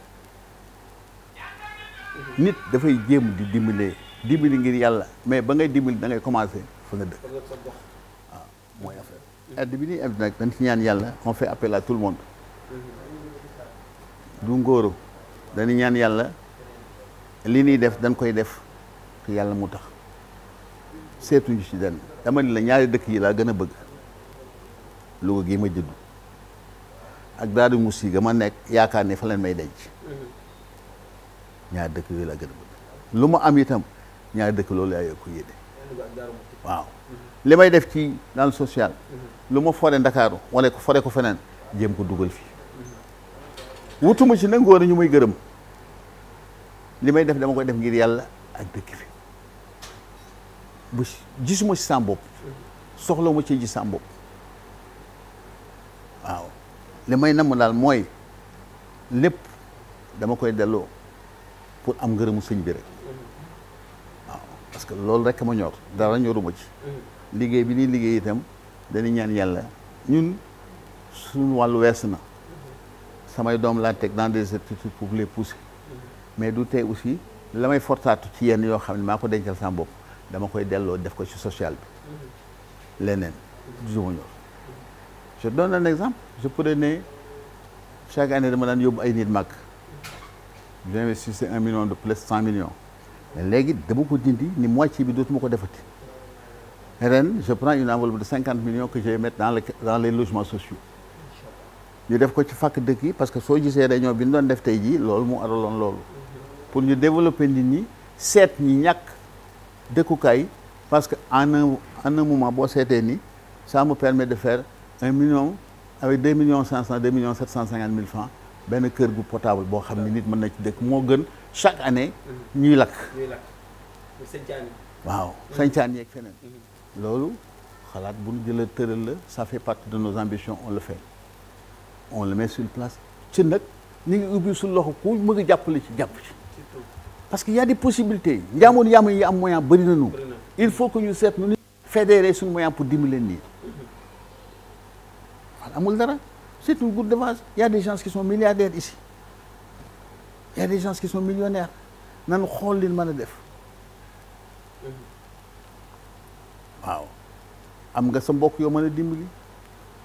nit dafay jéem di dimbalee dimbali ngir yàlla mais ba ngay dimbali da ngay commencé fa nga dëkk waaw ah, mooy affaire aide bi ñuy aide nag dañ ci ñaan yàlla on fait appel à tout le monde du ngóoru dañu ñaan yàlla li ñuy def dañ koy def yàlla mu tax seetuñu ci den dama ni la ñaari dëkk yi laa gën a bëgg Louga gii ma juddu ak daadu mus ma nekk yaakaar ne fa may denc dëkk yooyu laa gën a lu ma am itam ñaari dëkk loolu yaa yokku yéene waaw li may def ci dans le social lu ma fore ndakaaru wala ko fore ko feneen jéem ko dugal fii wutuma ci nag war ñu muy gërëm li may def dama koy def ngir yàlla ak dëkk bi bu gisuma ci sama bopp soxla ma ci gis sama bopp waaw li may namm daal mooy lépp dama koy delloo pour am ngërëmu sëñ bi rek waaw parce que loolu rek ma ñor dara ñoruma ci liggéey bi ni liggéey itam dañuy ñaan yàlla ñun suñu wàllu wees na samay doom laa teg dans des instituts pour les pousser mais du tey aussi lamay may fortaatu ci yenn yoo xam ne maa ko dencal sama bopp dama koy delloo def ko ci social bi leneen toujours ñor je donne un exemple je pourrais ne chaque année dama daan yóbbu ay nit mag j'investissais de plus cent millions mais léegi dama ko dindi ni moitié bi dootuma ko defati ren je prends une enveloppe de cinquante millions que je vais mettre dans le dans sociaux ñu def ko ci fàkk dëkk yi parce que soo gisee réunion bi ñu def tey jii loolu mu araloon loolu pour ñu développer nit ñi seet ñi ñàkk dëkkukaay parce que en un en moment boo seetee ni ça me permet de fair un million avec deux million cinq cent deux millions sept cent cinquante mille francs benn kër gu potable boo xam ne nit mën na ci dëkk moo gën chaque année. ñuy lakk ñuy lakk waaw mm-hmm. sañcaan yeeg feneen. Mm-hmm. loolu xalaat bu ñu jëla tëral la ça fait partie de nos ambitions on le fait on le met sur place ci nag ñu ngi ubbi suñu loxo ku mu ngi jàppale ci jàpp parce que y a des possibilités njaamoon yaama yi am moyen bëri na ñu il faut que ñu seet nu ni fédérer suñu moyen pour dimbali leen nii wala amul dara c'est une goutte de vase y a des gens qui xool li mën a def waaw am nga sa mbokk yoo mën a dimbali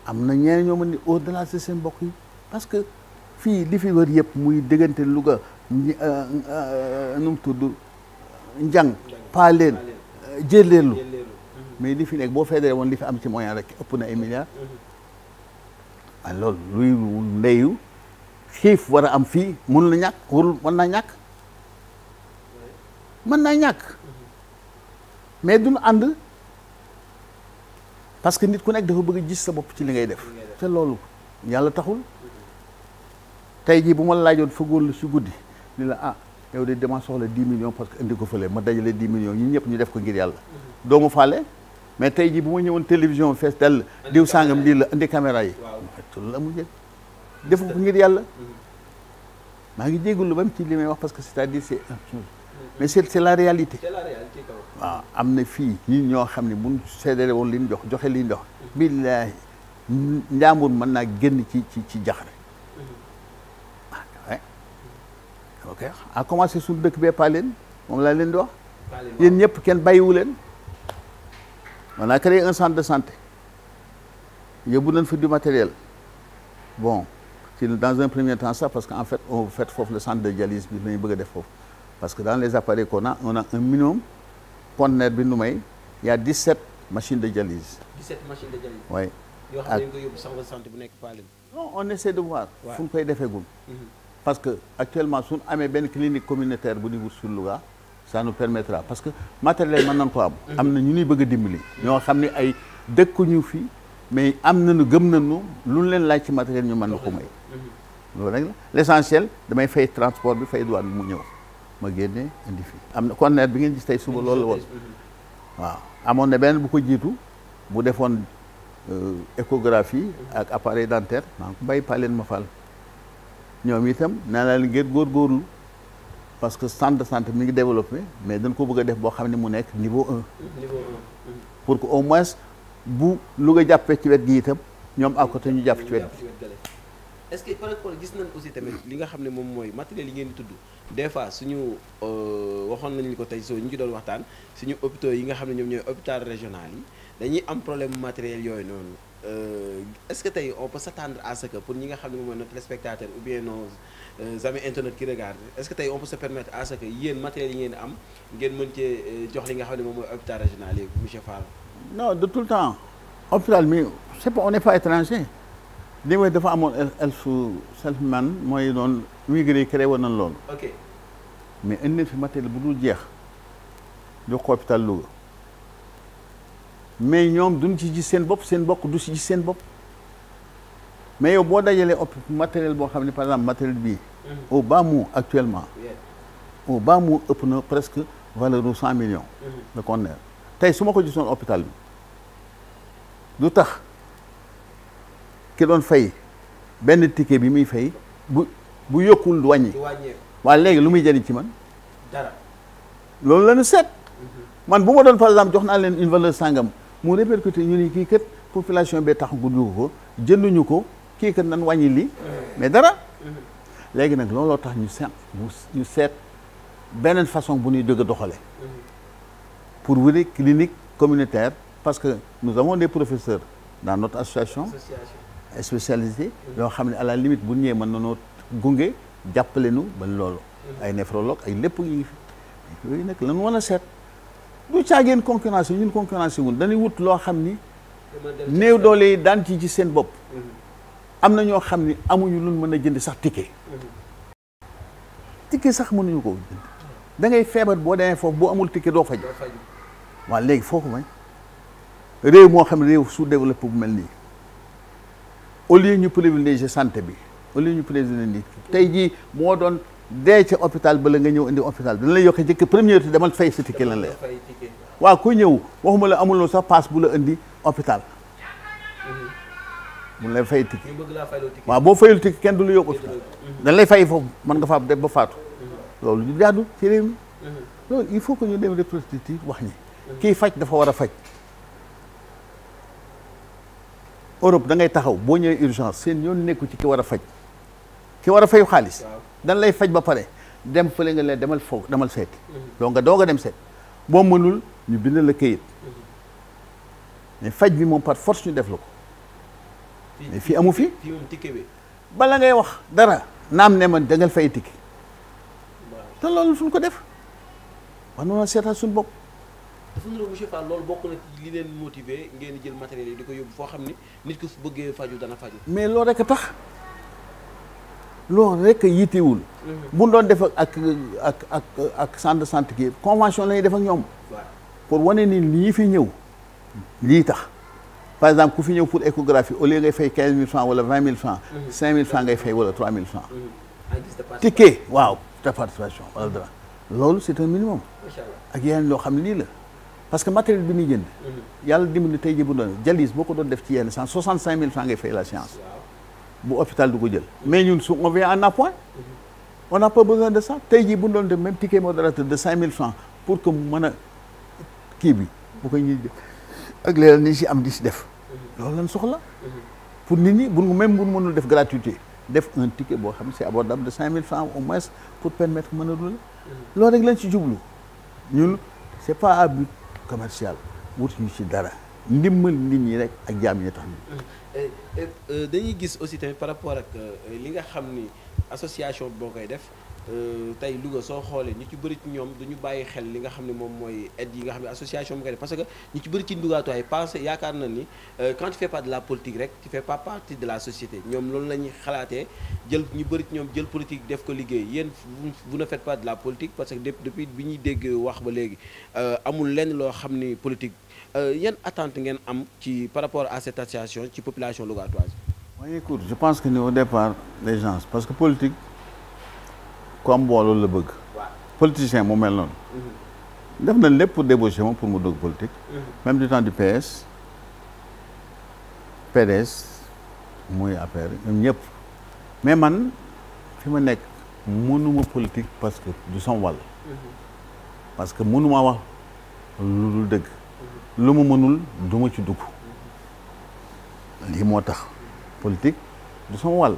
am na ñeneen ñoo mën ni au delà de seen mbokk yi parce que fii li fi wër yëpp muy diggante Louga Euh, euh, nu mu tudd njàng paaleen jëleelu mais li fi nekk boo fédéré woon li fi am ci moyen rek ëpp na ay milliards ah loolu luy ndeyu xiif war a am fii mënul la ñàkk warul mën naa ñàkk mën naa ñàkk mais duñu ànd parce que nit ku nekk dafa bëgg gis sa bopp ci li ngay def te loolu yàlla taxul tey jii bu ma laajoon fëggoon lu si guddi ni la ah yow de dama soxla 10 millions parce que indi ko fële ma dajale 10 millions ñi ñëpp ñu def ko ngir yàlla mhm. mais tey jii bu ma ñëwoon télévision fees dell diw sàngam lii la indi caméra yi la amul njëg def ko ngir yàlla mhm. maa ngi jégalu ba mu ci li may wax parce que c'est-à-dire c'est mhm. la réalité waaw am na fii ñi ñoo xam ne mun seddale woon li ñu jox joxe li ñu jox billaahi njàmbur mën naa génn ci ci ci jaxare koy wax à commencer suñu dëkk bee Palen moom laa leen di wax. yéen ñëpp kenn bàyyiwu leen. on a créé un centre de santé yóbbu nañ fa du matériel bon ci dans un premier temps ça parce que en fait on fait foofu le centre de dialyse bi lañu bëgg a def foofu parce que dans les appareils qu'on a on bi nu may y a 17 machines de dialyse. 17 machines de dialyse. oui. yoo de santé bu nekk fu mu koy defee parce que actuellement suñ amee benn clinique communautaire bu ni wut sur Louga ça nous permettra parce que matériel mën nañ ko am am na ñu nuy bëgg a dimbali ñoo xam ne ay dëkkuñu fi mais am na nu gëm na nu lu leen laaj ci matériel ñu man na ko may loolu rek la l' damay fay transport bi fay douane mu ñëw ma génne indi fi am na conteneur bi ngeen gis tey suba loolu la woon waaw amoon na beneen bu ko jiitu bu defoon euh, échographie ak appareil dentaire maa ngi ko bàyyi leen ma fal ñoom itam naa la leen gën góorgóorlu parce que sante de santé mi ngi développé mais dañ ko bëgg a def boo xam ne mu nekk niveau un. Mm. pour que au moins bu Louga jàppee ci wet gi itam ñoom à côté ñu jàpp ci wet gi. est-ce que gis nañ aussi tamit li nga xam ne moom mooy matériel yi ngeen di tudd des fois suñu euh, waxoon nañu ko tey so ñu ci doon waxtaan suñu hôpitaux yi nga xam ne ñoom ñooy hôpital régional yi dañuy am problème matériel yooyu noonu. Euh, est-ce que tey on peut s'attendre à pour ñi nga xam ne moom mooy notre téléspectateur ou bien nos euh, amis internet que tey on peut se permettre à ce que yi ngeen am ngeen mën cee euh, jox li nga xam ne moom mooy hôpital régional yi monsieur Fall. non de tout le temps hôpital mi c'est pas on n'est pas étranger li mooy dafa amoon elfu self man mooy noonu migré yi créé woon nañ loolu. ok mais indi fi matériel bu dul jeex jox ko hôpital Louga. mais ñoom duñ ci gis seen bopp seen bokk du si gis seen bopp mais yow boo dajalee op matériel boo xam ne par exemple matériel bii mm-hmm. au bas mot actuellement au bas mot ëpp na presque valeur u cent million le mm-hmm. conteneur tey su ma ko gisoon hôpital bi lu tax ki doon fay benn ticket bi muy fay bu bu yokkul wàññi waa léegi lu muy jëriñ ci man dara loolu la ñu seet mm-hmm. man bu ma doon par exemple jox naa leen une sàngam mu répercuté ñu ni kii kat population bee tax guddu ko jënduñu ko kii kat nan wàññi lii mais dara léegi nag looloo tax ñu seet ñu seet beneen façon bu ñuy dëgg doxale pour wuri clinique communautaire parce que nous avons des professeurs dans notre association spécialisée yoo xam ne à la limite bu ñëwee mën nanoo gunge jàppale nu ba loolu mm-hmm. ay néphrologue ay lépp yi ngi fi yooyu nag lan war a seet du caageen concurrence ñun concurrence wun dañuy wut loo xam ni néew doole yi daan ci ci seen bopp am na ñoo xam ni amuñu lu mën a jënd sax ticket ticket sax mënuñu ko jënd da feebar boo demee foofu boo amul ticket doo faj waaw léegi foo ko may réew moo xam ne réew sous-développé bu mel nii au lieu ñu privilégier santé bi au lieu ñu privilégier nit tey jii moo doon dee ca hôpital ba la nga ñëw indi hôpital dina la yokkee njëkk première te demal fay sa ticket lan la waa ku ñëw waxuma la amuloo sax paas bu la indi hôpital mhm. mun lay fay ticket boo fayul ticket kenn du la yóbbu hôpital dañ lay fay foofu mën nga faa def ba faatu mhm. loolu ñu jaadu ci réew mi mhm. loolu il faut que ñu dem représentative wax ñi kii faj dafa war a faj Europe da ngay taxaw boo ñëwee urgence seen yoon nekku ci ki war a faj ki war a fayu xaalis dan lay faj ba pare dem fële nga leen demal foofu demal seet donc nga doog a dem seet boo mënul ñu bind la këyit faj bi moom par force ñu def la ko mais fii amu fi bala ngay wax dara naam ne man dangal fay tikki te loolu suñ ko def wax noonu seetal suñ bopp dafa ne monsieur Fall bokk leen motiver ngeen jël matériel yi di ko yóbbu foo xam ne nit faju dana faju mais loolu rekk a tax loolu rek yitewul mhm. bu doon def ak ak ak ak centre de santé kii convention la ñuy def ak ñoom. pour wane ni lii fi ñëw lii tax par exemple ku fi ñëw pour échographie au lieu ngay fay quinze mille francs wala vingt mille francs. Mhm. cinq mille francs ngay fay wala trois mille francs. Mhm. ticket waaw loolu c'est un minimum. ak yeneen loo xam lii la parce que matériel bi ñuy jënd. yàlla dimbali tey jii bu doon jalis boo ko doon def ci yenn soixante cinq mille francs ngay fay la séance. bu hôpital du ko jël mais ñun su on vient en appoint on n'a pas besoin de ça tey jii bu ñu doon def même ticket modérateur de cinq mille francs pour que mu mën a kii bi bu ko ñuy ak léeg ni si am di si def loolu lañ soxla pour nit ñi bu même bu ñu mënul def gratuité def un ticket boo xam ne c'est abordable de cinq mille francs au moins pour permettre mën a dundal loolu rek lañ si jublu ñun c'est pas à commercial wut ñu si dara ndimbal nit ñi rek ak jaam ñi tax ñu Euh, euh, dañuy gis aussi tamit par rapport ak euh, li nga xam ni association boo koy def tey Louga soo xoolee ñu ci bëri ci ñoom duñu bàyyi xel li nga xam ne moom mooy aide yi nga xam ne association bi koy def parce que ñu ci bëri ci ndugaatuwaay pensé yaakaar na ni quand tu fais pas de la politique rek tu fais pas partie de la société ñoom loolu la ñuy xalaatee jël ñu bëri ñoom jël politique def ko liggéey yéen vous ne faites pas de la politique parce que depuis bi ñuy dégg wax ba léegi amul lenn loo xam ni politique Euh, yan attente ngeen am ci par rapport à cette association ci population lougatoise mooy oui, je pense que ni au départ les gens parce que politique ku am booloo la bëgg politicien mu mel noonu mm-hmm. def na lépp pour débaucher moom pour mu dugg politique mm-hmm. même du temps du PS PDS muy affaire ñoom ñëpp man fi ma nekk mënuma politique parce que du sama mm-hmm. parce que munuma wax lu dul dëgg lu mu mënul duma ci dugg lii moo tax politique du sama wal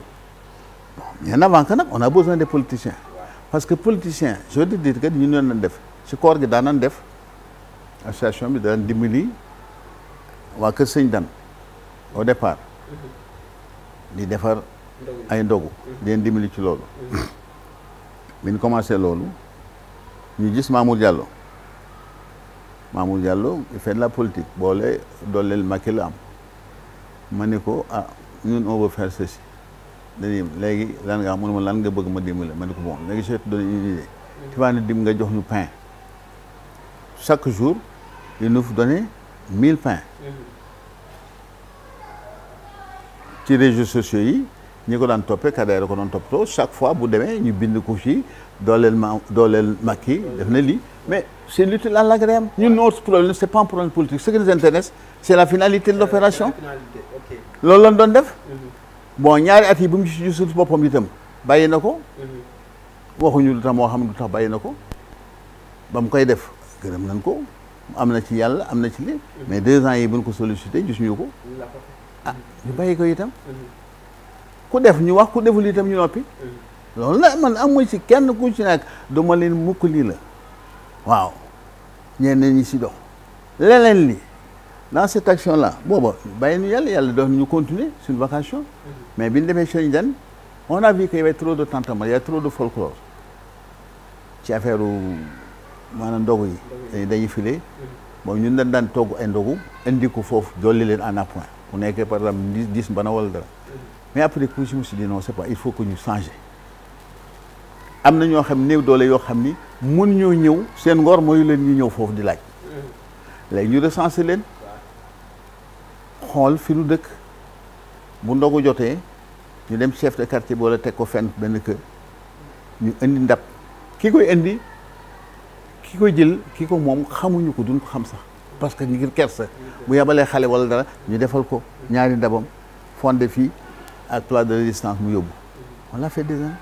bon bien avant que nag on a besoin des politiciens parce que politicien je veux dire que ñun ñoo doon def ci koor gi daan def association bi daan dimbali waa Kër Sëñ Dan au départ di defar ay ndogu di leen ci loolu mm-hmm. bi ñu commencé loolu ñu gis Mamour Diallo Mamour Diallo il fait de la politique boole dooleel Macky la am ma ne ko ah ñun on veut faire ceci dañuy léegi lan nga xam mu lan nga bëgg ma dimbale ma ne ko bon léegi je te donne une idée tu vas ne dim nga jox ñu pain chaque jour il nous faut donner mille pains mm-hmm. ci réseaux sociaux yi ñi ko daan toppee Kader ko doon toppatoo chaque fois bu demee ñu bind ko ci dooleel ma dooleel Macky def na lii mais c'est l'utile à l'agréable ñun notre problème c'est pas un problème politique ce qui nous intéresse c'est la finalité de l'opération euh, loolu lañ doon def mhm. bon ñaari at yi bu mu ci gisul boppam itam bàyyi na ko mhm. ñu lu tax moo xam lu tax bàyyi na ko ba koy def gërëm nañ ko am na ci yàlla am na ci li mhm. mais deux ans yi buñ ko sollicité gis ñu ko ah ñu bàyyi ku def ñu wax ku lii itam ñu noppi loolu la man amu ci kenn ku ci nekk du leen mukk lii la waaw ñenn ñi si dox leneen li dans cette action là booba bàyyi nu yàlla yàlla doon ñu continuer suñu vacation mais bi ñu demee Cheikh Ndiane on a vu que de tintamarre y avait de folklore affaire maanaam ndogu yi dañu file bon ñun dañ daan togg ay ndogu indi ko foofu dolli leen en appoint ku nekkee par exemple dix dix mbana wala dara mais après coup je me suis dit non c'est pas il faut que ñu changer am na ñoo xam néew doole yoo xam ni mun ñoo ñëw seen ngoor mooy leen ñu ñëw foofu di laaj léegi ñu recenser leen xool fi nu dëkk bu ndogu jotee ñu dem chef de quartier bi teg ko fenn benn kër ñu indi ndab ki koy indi ki ko jël ki ko moom xamuñu ko duñ ko xam sax parce que ngir kersa bu yabalee xale wala dara ñu defal ko ñaari ndabam fonde fii à trois de résistance mu yóbbu on l'a fait deux ans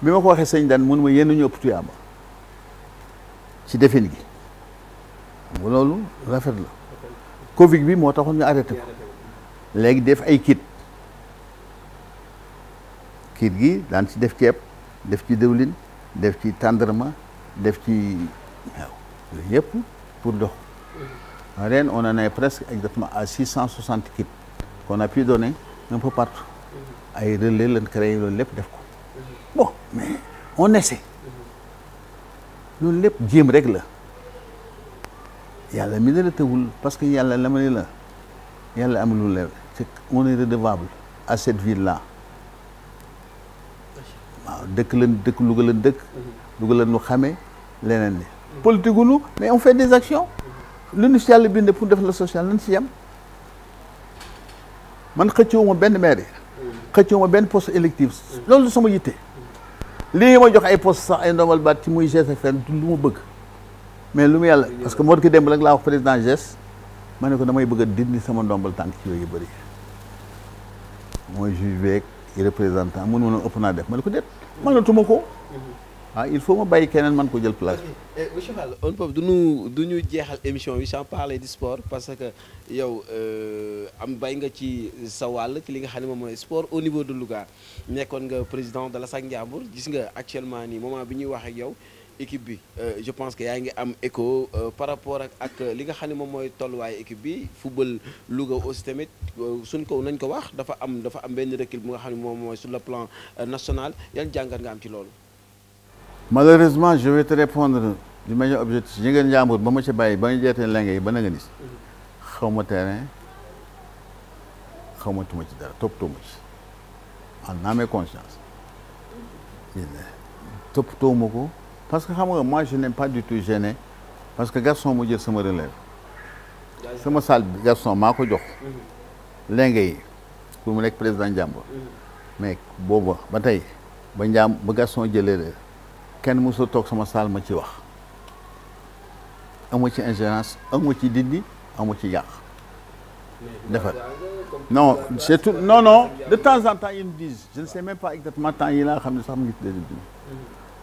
bi ma ko waxee sëñ daan mun ma yenn ñu ëpp tuyaaba ci defin gi loolu rafet la Covid bi moo taxoon ñu arrêté ko léegi def ay kiit kiit gi daan ci def ceeb def ci dëwlin def ci tendrement def ci waaw yooyu yëpp pour dox ren on en est presque exactement à six cent soixante kits qu'on a pu donner un peu ay relais lan créé loolu lépp def ko bon mais on essaie loolu lépp jéem rek la yàlla mi ne la tëwul parce que yàlla la ma ne la yàlla amulul la c'est on est redevable à cette ville là waaw dëkk lan dëkk Louga lan dëkk Louga lan leneen li politique gu mais on fait des actions lu nu si yàlla bind pour def la social lan si yem man xëccoo ma benn maire xëccoo ma benn poste électif loolu sama yitte lii ma jox ay poste sax ay ndomal baat ci muy GFM du lu ma bëgg mais lu mu yàlla parce que moo ki démb rek laa wax président GES ma ne ko damay bëgg a dindi sama ndombal tànk ci yooyu bëri mooy juge beeg représentant mënu ma ëpp naa def ma ne ko déet mënatuma ko ah il faut ma bàyyi keneen man ko jël place bi. Eh, eh, on peut du ñu du ñu jeexal émission bi sans parler du parce que yow euh, am bay nga ci sa li nga xam ne moom mooy sport au niveau de Louga nekkoon nga président de la SAC Ndiambour gis nga actuellement nii moment bi ñuy wax yow équipe bi euh, je pense que yaa ngi am écho euh, par rapport ak ak li nga xam ne moom mooy tolluwaayu équipe bi football Louga aussi tamit suñ ko nañ ko wax dafa am dafa am benn recul bu nga xam ne moom mooy sur le plan national yan jàngat nga am ci loolu. malheureusement je vais te répondre de manière objective ñu ngeen njàmbur ba ma ci bàyyi ba ñu jeetee lenge yi ba na nga xaw ma terrain xaw ma tuma ci dara toppatoo ma ci en âme conscience toppatoo ma ko parce que xam nga moi je n'aime pas du tout gêner parce que garçon mu jël sama relève sama salle bi garçon maa ko jox lenge yi pour mu nekk président njàmbur mm-hmm. mais booba ba tey ba njaam ba gaston jëlee kenn soo toog sama saal ma ci wax amu ci ingérence amu ci dindi amu ci yàq defar non c'est tout non non de temps en temps ils me disent je ne sais même pas exactement temps yi laa xam ne sax mu ngi tuddee dund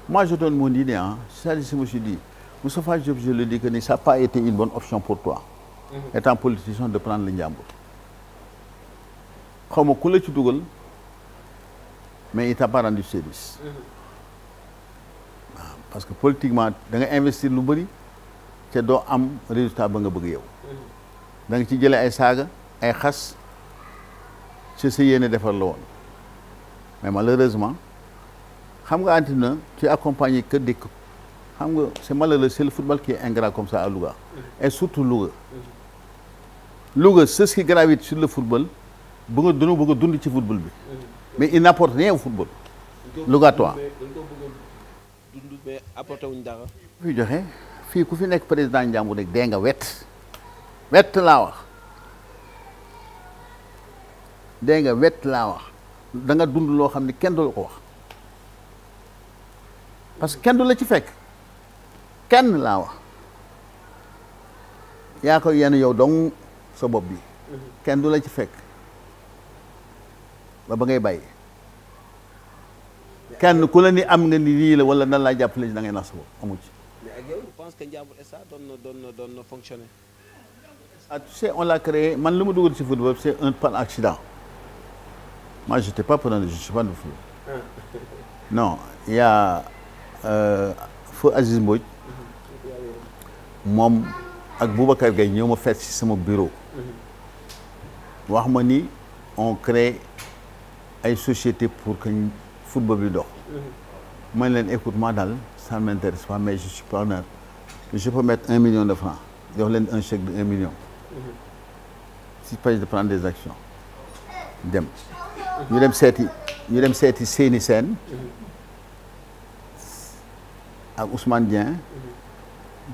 moi je donne mon idée ah c'est-à-dire je me suis dit Moustapha Diop pas été une bonne option pour toi étant politicien de prendre le njàmbur xaw ma ku la ci dugal mais il t'a pas rendu service parce que politiquement danga nga investir lu bari te doo am résultat ba nga bëgg yow da nga ci jële ay saaga ay xas ci sa yéene defar la woon mais malheureusement xam nga àddina tu es accompagné que des xam nga c'est malheureux c'est le football qui est comme ça a Louga et surtout Louga Louga c'est ce qui sur le football bëgg a dund bëgg a dund ci football bi mais il n'apporte rien football Louga toi mais wuñ dara. kuy joxe fii ku fi nekk président njàmbur rek dee nga wet wet laa wax dee nga wet laa wax danga dund loo xam ne kenn du la ko wax parce que kenn du la ci fekk kenn laa wax yaa ko yenn yow dong sa bopp bi mhm. kenn du la ci fekk ba ba ngay bàyyi. kenn ku la ni am nga ni lii la wala nan laa jàppale da ngay nax sa bopp amu ci. que Ndiambour SA doon na doon na ah, l'a créé man lu ma dugal ci football c'est un par accident moi j'étais pas preneur je suis pas de ah. non il y a euh, feu moom ak Boubacar Gueye ñëw ma fekk si sama bureau. Mm-hmm. wax ma ni on crée ay société pour que. football bi dox. man leen écoute moi daal ça ne m'intéresse pas mais je suis preneur je peux mettre un million de francs jox leen un chèque de un million. si page de prendre des actions dem. ñu dem seeti ñu dem seeti Seyni Sène ak Ousmane Dieng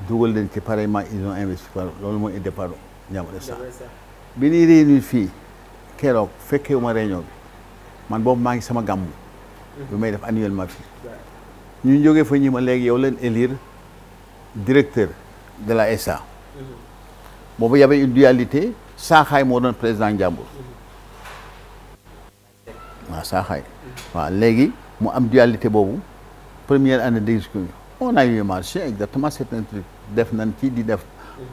dugal leen ci pareillement ils ont investi par loolu mooy départ Ndiamé Sall bi ñuy réunir fii keroog fekkewu ma bi man boobu maa ngi sama gàmmu bi may def annuellement fii ñu jóge fa ñi ma léegi yow leen élire directeur de la SA boobu y une dualité Saaxaay moo doon président Njàmbur waaw Saaxaay waaw léegi mu am dualité boobu première année d'exécution on a eu marché exactement c'est un truc def nan ci di def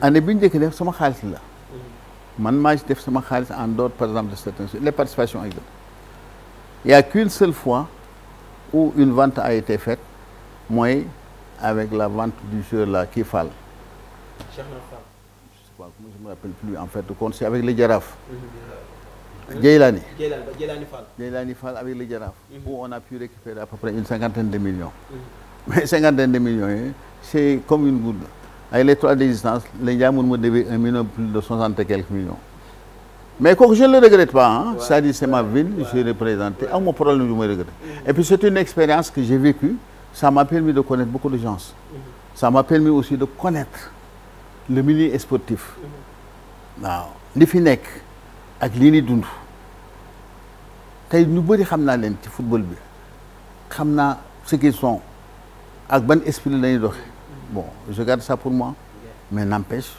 année bi ñu def sama xaalis la man maa def sama xaalis en dehors par exemple de certains les participations exemple y a qu'une fois où une vente a été faite mooy avec la vente du jour la kii Fall. Cheikh Fall. je sais pas comment je me plus en fait kon c'est avec le Jaraaf. Djeylani. Djeylani Fall. Djeylani avec le Jaraaf. Mhm. où on a pu récupérer à peu près une cinquantaine de million mais cinquantaine de millions yi c'est comme une goutte. avec les trois résistances les Ndiamour me devait un million de soixante et quelques millions. mais kooku je ne le regrette pas ah. cest ma ville je l'ai représentée aw ma problème yu may regretter. et puis c'est une expérience que j'ai vécue ça m'a permis de connaître beaucoup de gens. ça m'a permis aussi de connaître le milieu sportif. li fi nekk ak lii ni dund tey ñu bëri xam naa leen ci football bi xam naa ce qu'ils sont ak ban esprit la ñuy doxe bon je garde ça pour moi mais n'empêche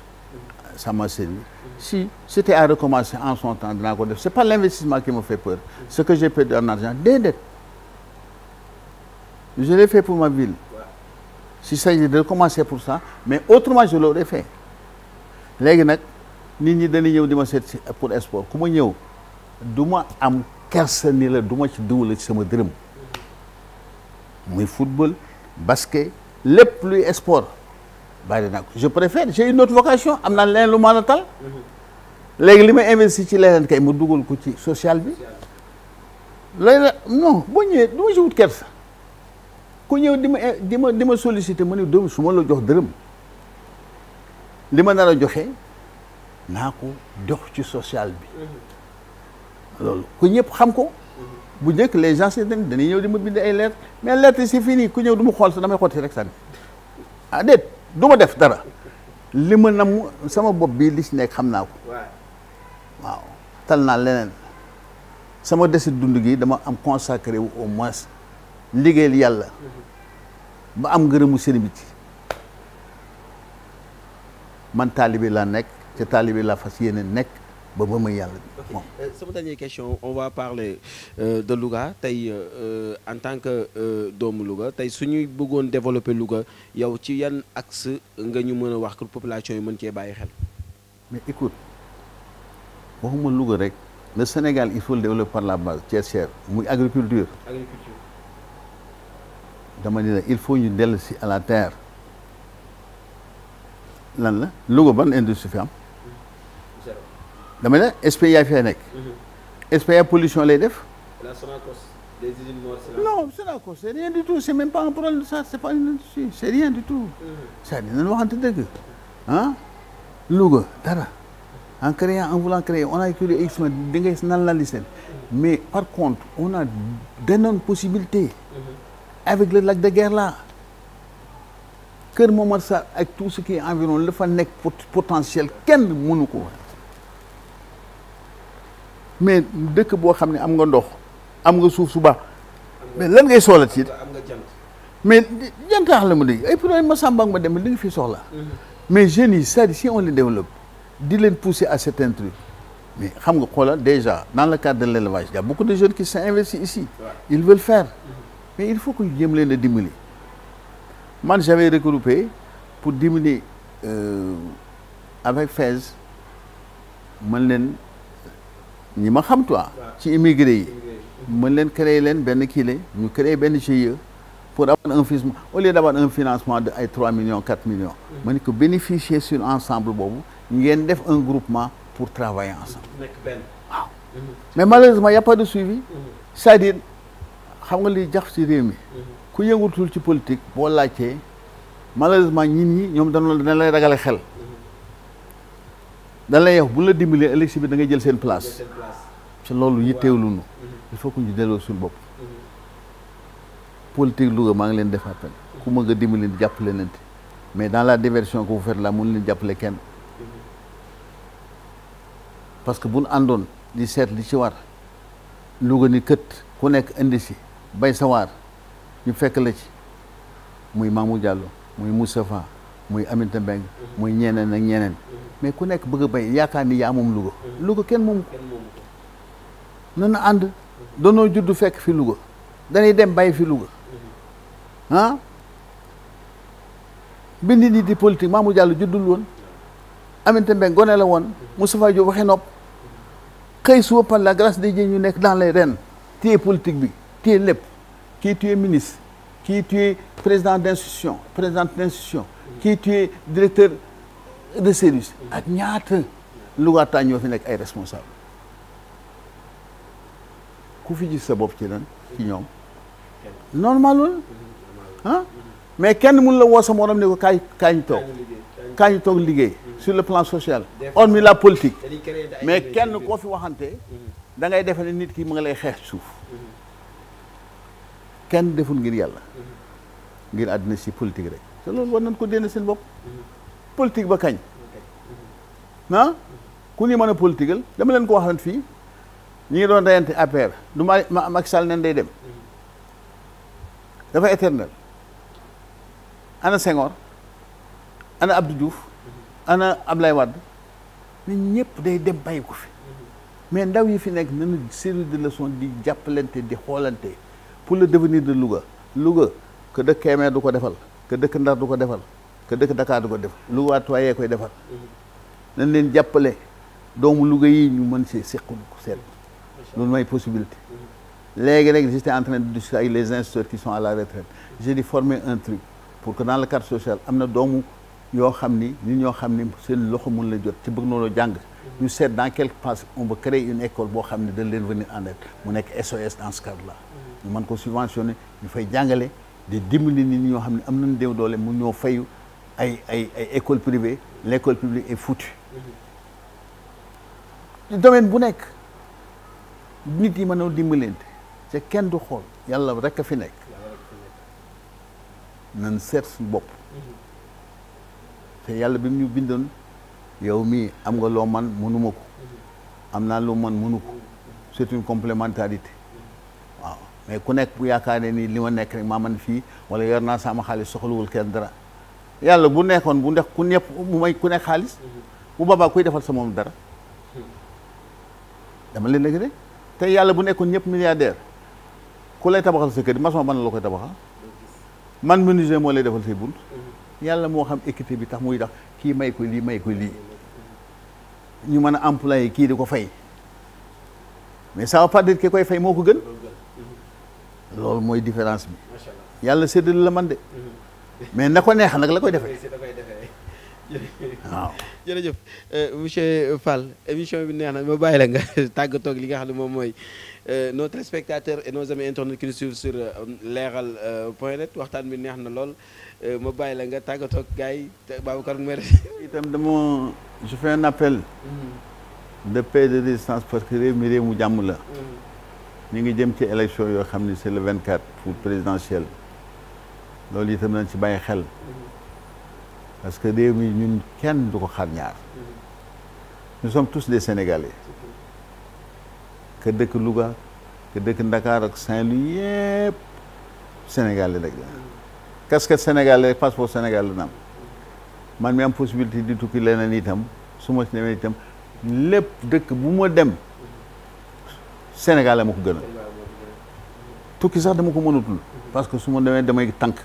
ça m'a servi si c'était à recommencer en son temps dinaa ko def c'est pas l'investissement qui me fait peur ce que j'ai perdu en argent déedéet je l'ai fait pour ma ville si s'agit de recommencer pour ça mais autrement je l'aurais fait léegi nag nit ñi dañuy ñëw di ma seet si pour sport ku ma ñëw du ma am kersa ni du ma ci duwala ci sama dërëm muy football basket lépp luy sport bàyyi naa je préfère j'ai une autre vocation am naa leneen lu ma la tal mm-hmm. léegi li may investir ci leneen kay mu dugal ko ci social bi léegi non boo ñëwee du ma si wut ku ñëw di ma di ma di ma sollicité ma ne doomu su ma la jox dërëm li ma nar a joxe naa ko dox ci social bi loolu ku ñëpp xam ko bu njëkk les gens yi dañuy ñëw di ma bind ay lettres mais lettres si fii fini ku ñëw du ma xool sax damay xotti rek sànni ah déet du ma def dara li ma nam sama bopp bii li ci nekk xam naa ko tal naa leneen sama desit dund gi dama am consacré wu au moins liggéeyal yàlla ba am ngërëmu sëriñ bi ci man taalibe laa nekk te taalibe laa fas yeneen nekk ba ba ma yàlla bi euh, sama dernière question on va parler euh, de Louga tey euh, en tant que doomu Louga tey suñuy bëggoon développer Louga yow ci yan axe nga ñu mën a wax pour population yi mën cee bàyyi xel waxuma Louga rek le Sénégal il faut le développer par la base Thiès cher muy agriculture. dama ni il faut ñu dellu si à la terre lan la Louga ban industrie fi dama ne SPA yaa fi nekk. Mhm. SPA pollution lay def. la Sonacos des usines Nord non Sonacos c' est rien du tout c' est même pas un problème de ça c' est pas industrie c' rien du tout. c' mhm. est à dire nañu waxante dëgg en créant en voulant créer on a créé x man da seen mais par contre on a d'énormes possibilité mm-hmm. avec la lac de Guiers là Kër Momar Sarr ak tout ce qui environ la fa nekk potentiel kenn mënu ko mais dëkk boo xam ne am nga ndox am nga suuf su baax mais lan ngay soxla ci mais jantaax la mu dégg ay problème ma sàmbaag ma dem li nga fi soxla mm-hmm. mais jeunes yi cest à si on les développe di leen pousser à certains trucs mais xam nga xoolal déjà dans le cadre de l'élevage il y a beaucoup de jeunes qui s'investissent ici il veulent faire mais il faut que ñu leen a dimbali man j'avais regroupé pour diminuer euh, avec FAISE mën leen ñi ma xam toi ci immigré yi mën leen créer leen benn kiile la ñu créer benn GIE pour avoir un financement au lieu financement de ay 3 millions 4 millions ma ne ko bénéficier sur ensemble boobu ngeen def un groupement pour travailler en nekk mhm. mais malheureusement y' a pas de suivi. Mhm. cest à xam nga liy jax si réew mi. Mhm. ku yëngutul ci politique boo laajtee malheureusement ñit ñi ñoom dañu la dañ lay ragale xel. dañ yow wax bu la dimbalee élection bi da ngay jël seen place. ci loolu yitteewlu nu il faut que ñu delloo suñu bopp. politique Louga maa ngi leen defaa appel ku ma nga dimbali leen jàppale leen mais dans la diversion que vous faites là mun leen jàppale kenn. parce que bu nu àndoon di seet li ci war Louga ni kët ku nekk indi si bay sawaar ñu fekk la ci muy Mamou Diallo muy Moustapha muy Aminata Mbengue muy ñeneen ak ñeneen mais ku nekk bëgg a bay yaakaar ni yaa moom Louga Louga kenn moomu ko nana ànd danoo juddu fekk fi Louga dañuy dem bàyyi fi Louga ah bi nit di politique Mamou Diallo juddul woon Aminata Mbengue gone la woon Moustapha joo waxi nopp kayi suba par la grace de Dieu ñu nekk dans les rênes téye politique bi téye lépp kii téye ministre kii téye président d' institution présidente d' institution kii téye directeur de service ak ñaata Louga ñoo fi nekk ay responsable ku fi ji sa bopp ci lan ci ñoom normal loolu ah mais kenn mun la woo sa morom ne ko kaa kaay ñu toog kaay ñu toog liggéey sur le plan social mi la politique mais kenn koo fi waxante mm-hmm. da ngay defe nit ki mu ngi lay xeex suuf mm-hmm. kenn deful ngir yàlla mm-hmm. ngir àddina si politique rek te loolu war nañ ko dénn seen bopp politique ba kañ ah? ku ñu mën a politiqueal dama leen ko waxoon fii ñu ngi doon reyante APR du ma ma Macky Sall neen day dem dafa éternel ana Senghor ana Abdou ana Ablaye Wade nit ñëpp day dem bàyyi ko fi mais ndaw yi fi nekk nañu série de leçons di jàppalante di xoolante pour le devenir de Louga Louga que dëkk Kébémer du ko defal que dëkk Ndar du ko defal que dëkk Dakar du ko defal Louga tuwaayee koy defal nañ leen jàppale doomu Louga yi ñu mën si sequl ko seet loolu mooy possibilité léegi rek j'étais en train de discuter avec les instituteurs qui sont à la retraite j'ai dû former un truc pour que dans le cadre sociale am na doomu yoo xam ni ñi ñoo xam ni seen loxo mun la jot ci bëgg noonu jàng ñu seet dans quelque place on va créer une école boo xam ne dañ leen venir en aide mu nekk SOS dans ce cadre là ñu mën ko subventionné ñu fay jàngale di dimbali nit ñoo xam ne am nañ déew doole mu ñoo fayu ay ay ay école privée l' école publique est foutue domaine bu nekk nit yi mën a dimbalante ca kenn du xool yàlla rek a fi nekk nan seet suñ bopp mhm. te yàlla bi mu ñu bindoon yow mii am nga loo man mënuma ko am naa loo man mënu ko c'est une complémentarité waaw mais ku nekk bu yaakaar ne nii li ma nekk rek maa man fii wala yor naa sama xaalis soxlawul kenn dara yàlla bu nekkoon bu ndex ku ñëpp mu may ku nekk xaalis bu boobaa kuy defal sa moom dara dama leen léegi rek te yàlla bu nekkoon ñëpp milliardaire ku lay tabaxal sa kër maçon man la koy tabaxal man menuisier moo lay defal say bunt yàlla moo xam équité bi tax muy tax kii may ko lii may ko lii ñu mën a employé kii di ko fay mais ça va pas ki koy fay moo ko gën loolu mooy différence bi yàlla séddale la man de mhm. mais na ko neex nag la koy defee [laughs] waaw jërëjëf euh, monsieur Fall émission bi neex na ma bàyyi la nga [laughs] tàggatoog li nga xam ne moom mooy euh, nos téléspectateurs et nos amis internautes qui nous sur euh, leeral point waxtaan bi neex na lool Euh, ma bàyyi la nga tàggatoo ak gars yi Babacar merci. itam dama je fais un appel. de paix de résistance parce que réew mi réew mu jàmm la. ñu ngi jëm ci élection yoo xam ni c'est vingt 24 pour présidentielle loolu itam nañ ci bàyyi xel. parce que réew mi ñun kenn du ko xar ñaar. nous sommes tous des Sénégalais. que dëkk Louga que dëkk Ndakaar ak Saint-Louis yëpp Sénégalais rek la. casquette Sénégal la rek passeport Sénégal la na am man mi am possibilité di itam su ma itam lépp dëkk bu dem Sénégal la ko gën a sax dama ko mënatul parce que su ma demee damay tànk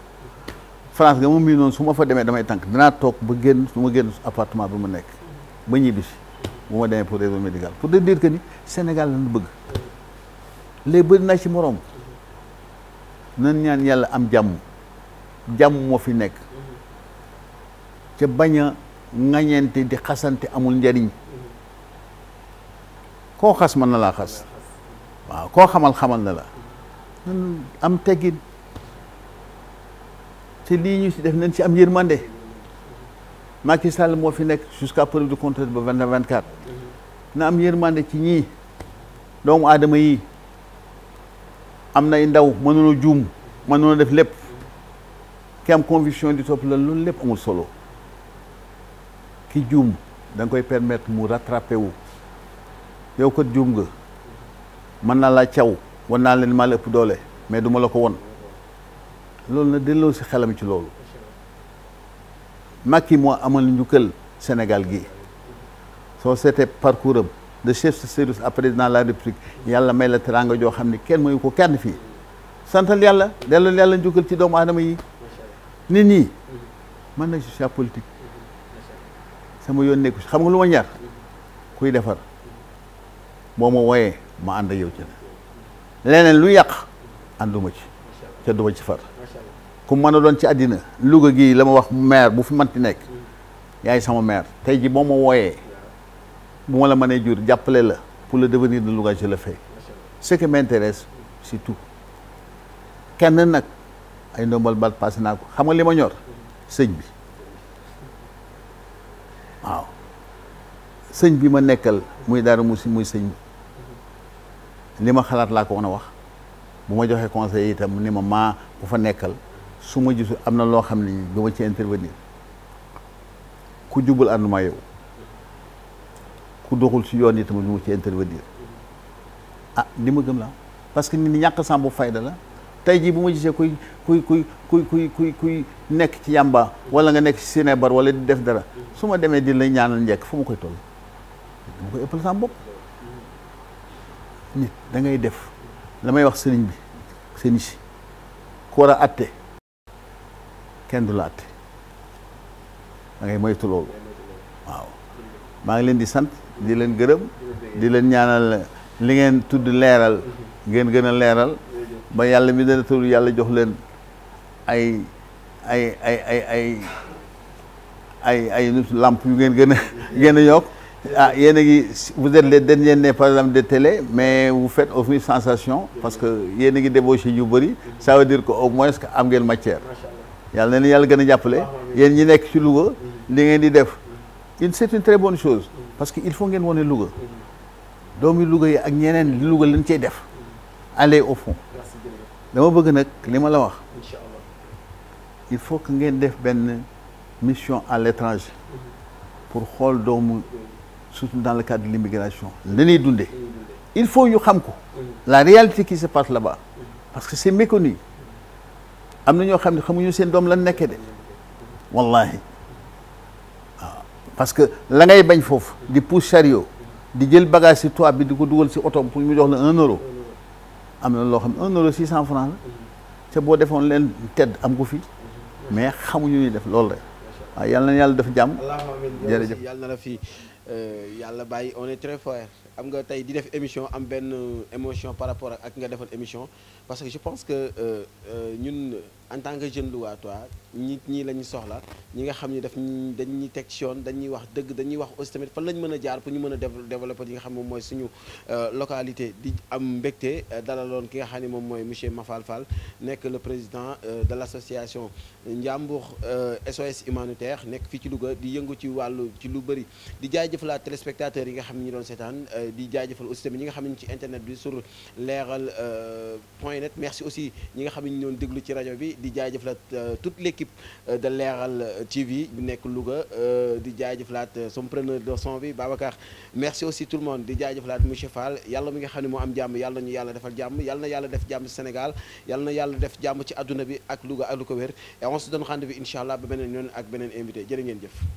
France moom mii noonu su ma fa demee damay tànk dinaa toog ba génn su ma génn appartement bi ma nekk ba ñibbisi bu ma demee pour raison médicale pour te dire que bëgg léegi bëri naa ci moroom nan ñaan yàlla am jàmm jàmm moo fi nekk ca bañ a ŋañante di xasante amul njariñ koo xas mën na laa xas waaw koo xamal xamal na la nan am teggin te lii ñu si def nañ si am yërmande Macky Sall moo fi nekk jusqu'à preuve du contraire ba vingt vingt quatre na am yërmande ci ñii doomu aadama yi am na nay ndaw mënuñu juum mënuñu def lépp ki am conviction di topp la loolu lépp amul solo ki juum da koy permettre mu rattrapé wu yow kat juum nga mën naa laa caw wan naa leen maa la ëpp doole mais duma la ko won loolu na delloo si xelam ci loolu ki moo amal njukkal Sénégal gi soo seetee parcours am de chef de service à président la république yàlla may la teraanga joo xam ni kenn mayu ko kenn fii santal yàlla delloo yàlla njukkal ci doomu aadama yi ni nii man nag je suis apolitique sama yoon nekku xam nga lu ma ñaar kuy defar boo ma wooyee ma ànd ak yow ci leneen lu yàq ànduma ci te duma ci far mën a doon ci àddina Louga gi la ma wax maire bu fi manti nekk yaay sama maire tey ji boo ma wooyee bu ma la mënee jur jàppale la pour le devenir de Louga je le fais ce qui m'intéresse c'est tout kenn nag ay ndombal baat passé naa ko xam nga li ma ñor sëñ bi waaw sëñ bi ma nekkal muy daara mu si muy sëñ bi li ma xalaat laa ko mën a wax bu ma joxee conseil itam ni ma maa bu fa nekkal su ma gisu am na loo xam ne du ci intervenir ku jubul ànduma yow ku doxul ci yoon itam du ma ci intervenir ah li ma gëm la parce que nit ñi ñàkk sàmm bu fayda la tey jii bu ma gisee kuy kuy kuy kuy kuy kuy kuy nekk ci yàmba wala nga nekk ci sinébar wala di def dara su ma demee di la ñaanal njekk fu ma koy toll dama koy ëppal sama bopp nit da def la may wax sëriñ bi sëriñ si ku war a atte kenn du la atte da ngay moytu loolu waaw maa ngi leen di sant di leen gërëm di leen ñaanal li ngeen tudd leeral ngeen gën a leeral ba yàlla mi dana tur yàlla jox leen ay ay ay ay ay ay ay lamp yu ngeen gën a [laughs] gën a yokk ah yéen a ngi vous êtes den derniers nés par exemple de télé mais vous au aussi sensation parce que yéen a ngi débauché yu bëri ça veut dire que au moins que am ngeen matière yàlla na yàlla gën a jàppale yéen ñi nekk ci Louga li ngeen di def une c'est une très bonne chose parce que il faut ngeen wone luga doomi Louga yi ak ñeneen Louga lañ cey def aller au fond dama bëgg nag li ma la wax il faut que ngeen def benn mission à l'étranger mm-hmm. pour xool doomu mm-hmm. surtout dans le cadre de l'immigration la ñuy dundee mm-hmm. il faut ñu xam ko la réalité qui se passe là-bas parce que se méconnu am na ñoo xam ne xamuñu seen doom la nekke de wallahi parce que la ngay bañ foofu di pousse chariot di jël bagage si toit bi di ko dugal si oto pour ñu jox la un euro am na loo xam ne un euro six cent franc la te boo defoon leen tedd am ko fi mais xamuñu ñuy def loolu rek waaw yal yàlla def jàmm jërëjëf yàlla na la fii euh, yàlla bàyyi on est très fiers am nga tey di def émission am benn euh, émotion par rapport ak nga defoon émission parce que je pense que euh, ñun en tant que jeune Louga ñi ñii la ñu soxla ñi nga xam ne daf ñu dañuy teg ci yoon dañuy wax dëgg dañuy wax aussi tamit fan la mën a jaar pour ñu mën a développer li nga xam moom mooy suñu euh, localité di am mbégte euh, dalaloon ki nga xam ne moom mooy monsieur Mafal Fall nekk le président euh, de l' association Ndiambour SOS humanitaire nekk fii ci Louga di yëngu ci wàllu ci lu bëri di jaajëfalaat téléspectateurs yi nga xam ne ñu doon seetaan di jaajëfal aussi tamit ñi nga xam ne ci internet bi sur leeral point net merci aussi ñi nga xam ne ñu doon déglu ci rajo bi di jaajëfalaat euh, toute l'équipe euh, de Leral euh, TV bi nekk Louga di jaajëfalaat son preneur de son bi Babacar merci aussi tout le monde di jaajëfalaat monsieur Fall yàlla mi nga xam ne moo am jàmm yàlla ñu yàlla defal jàmm yàlla na yàlla def jàmm ci Sénégal yàlla na yàlla def jàmm ci àdduna bi ak luga ak lu ko wér et on se donne rendez-vous incha allah ba beneen yoon ak beneen invité jërë ngeen jëf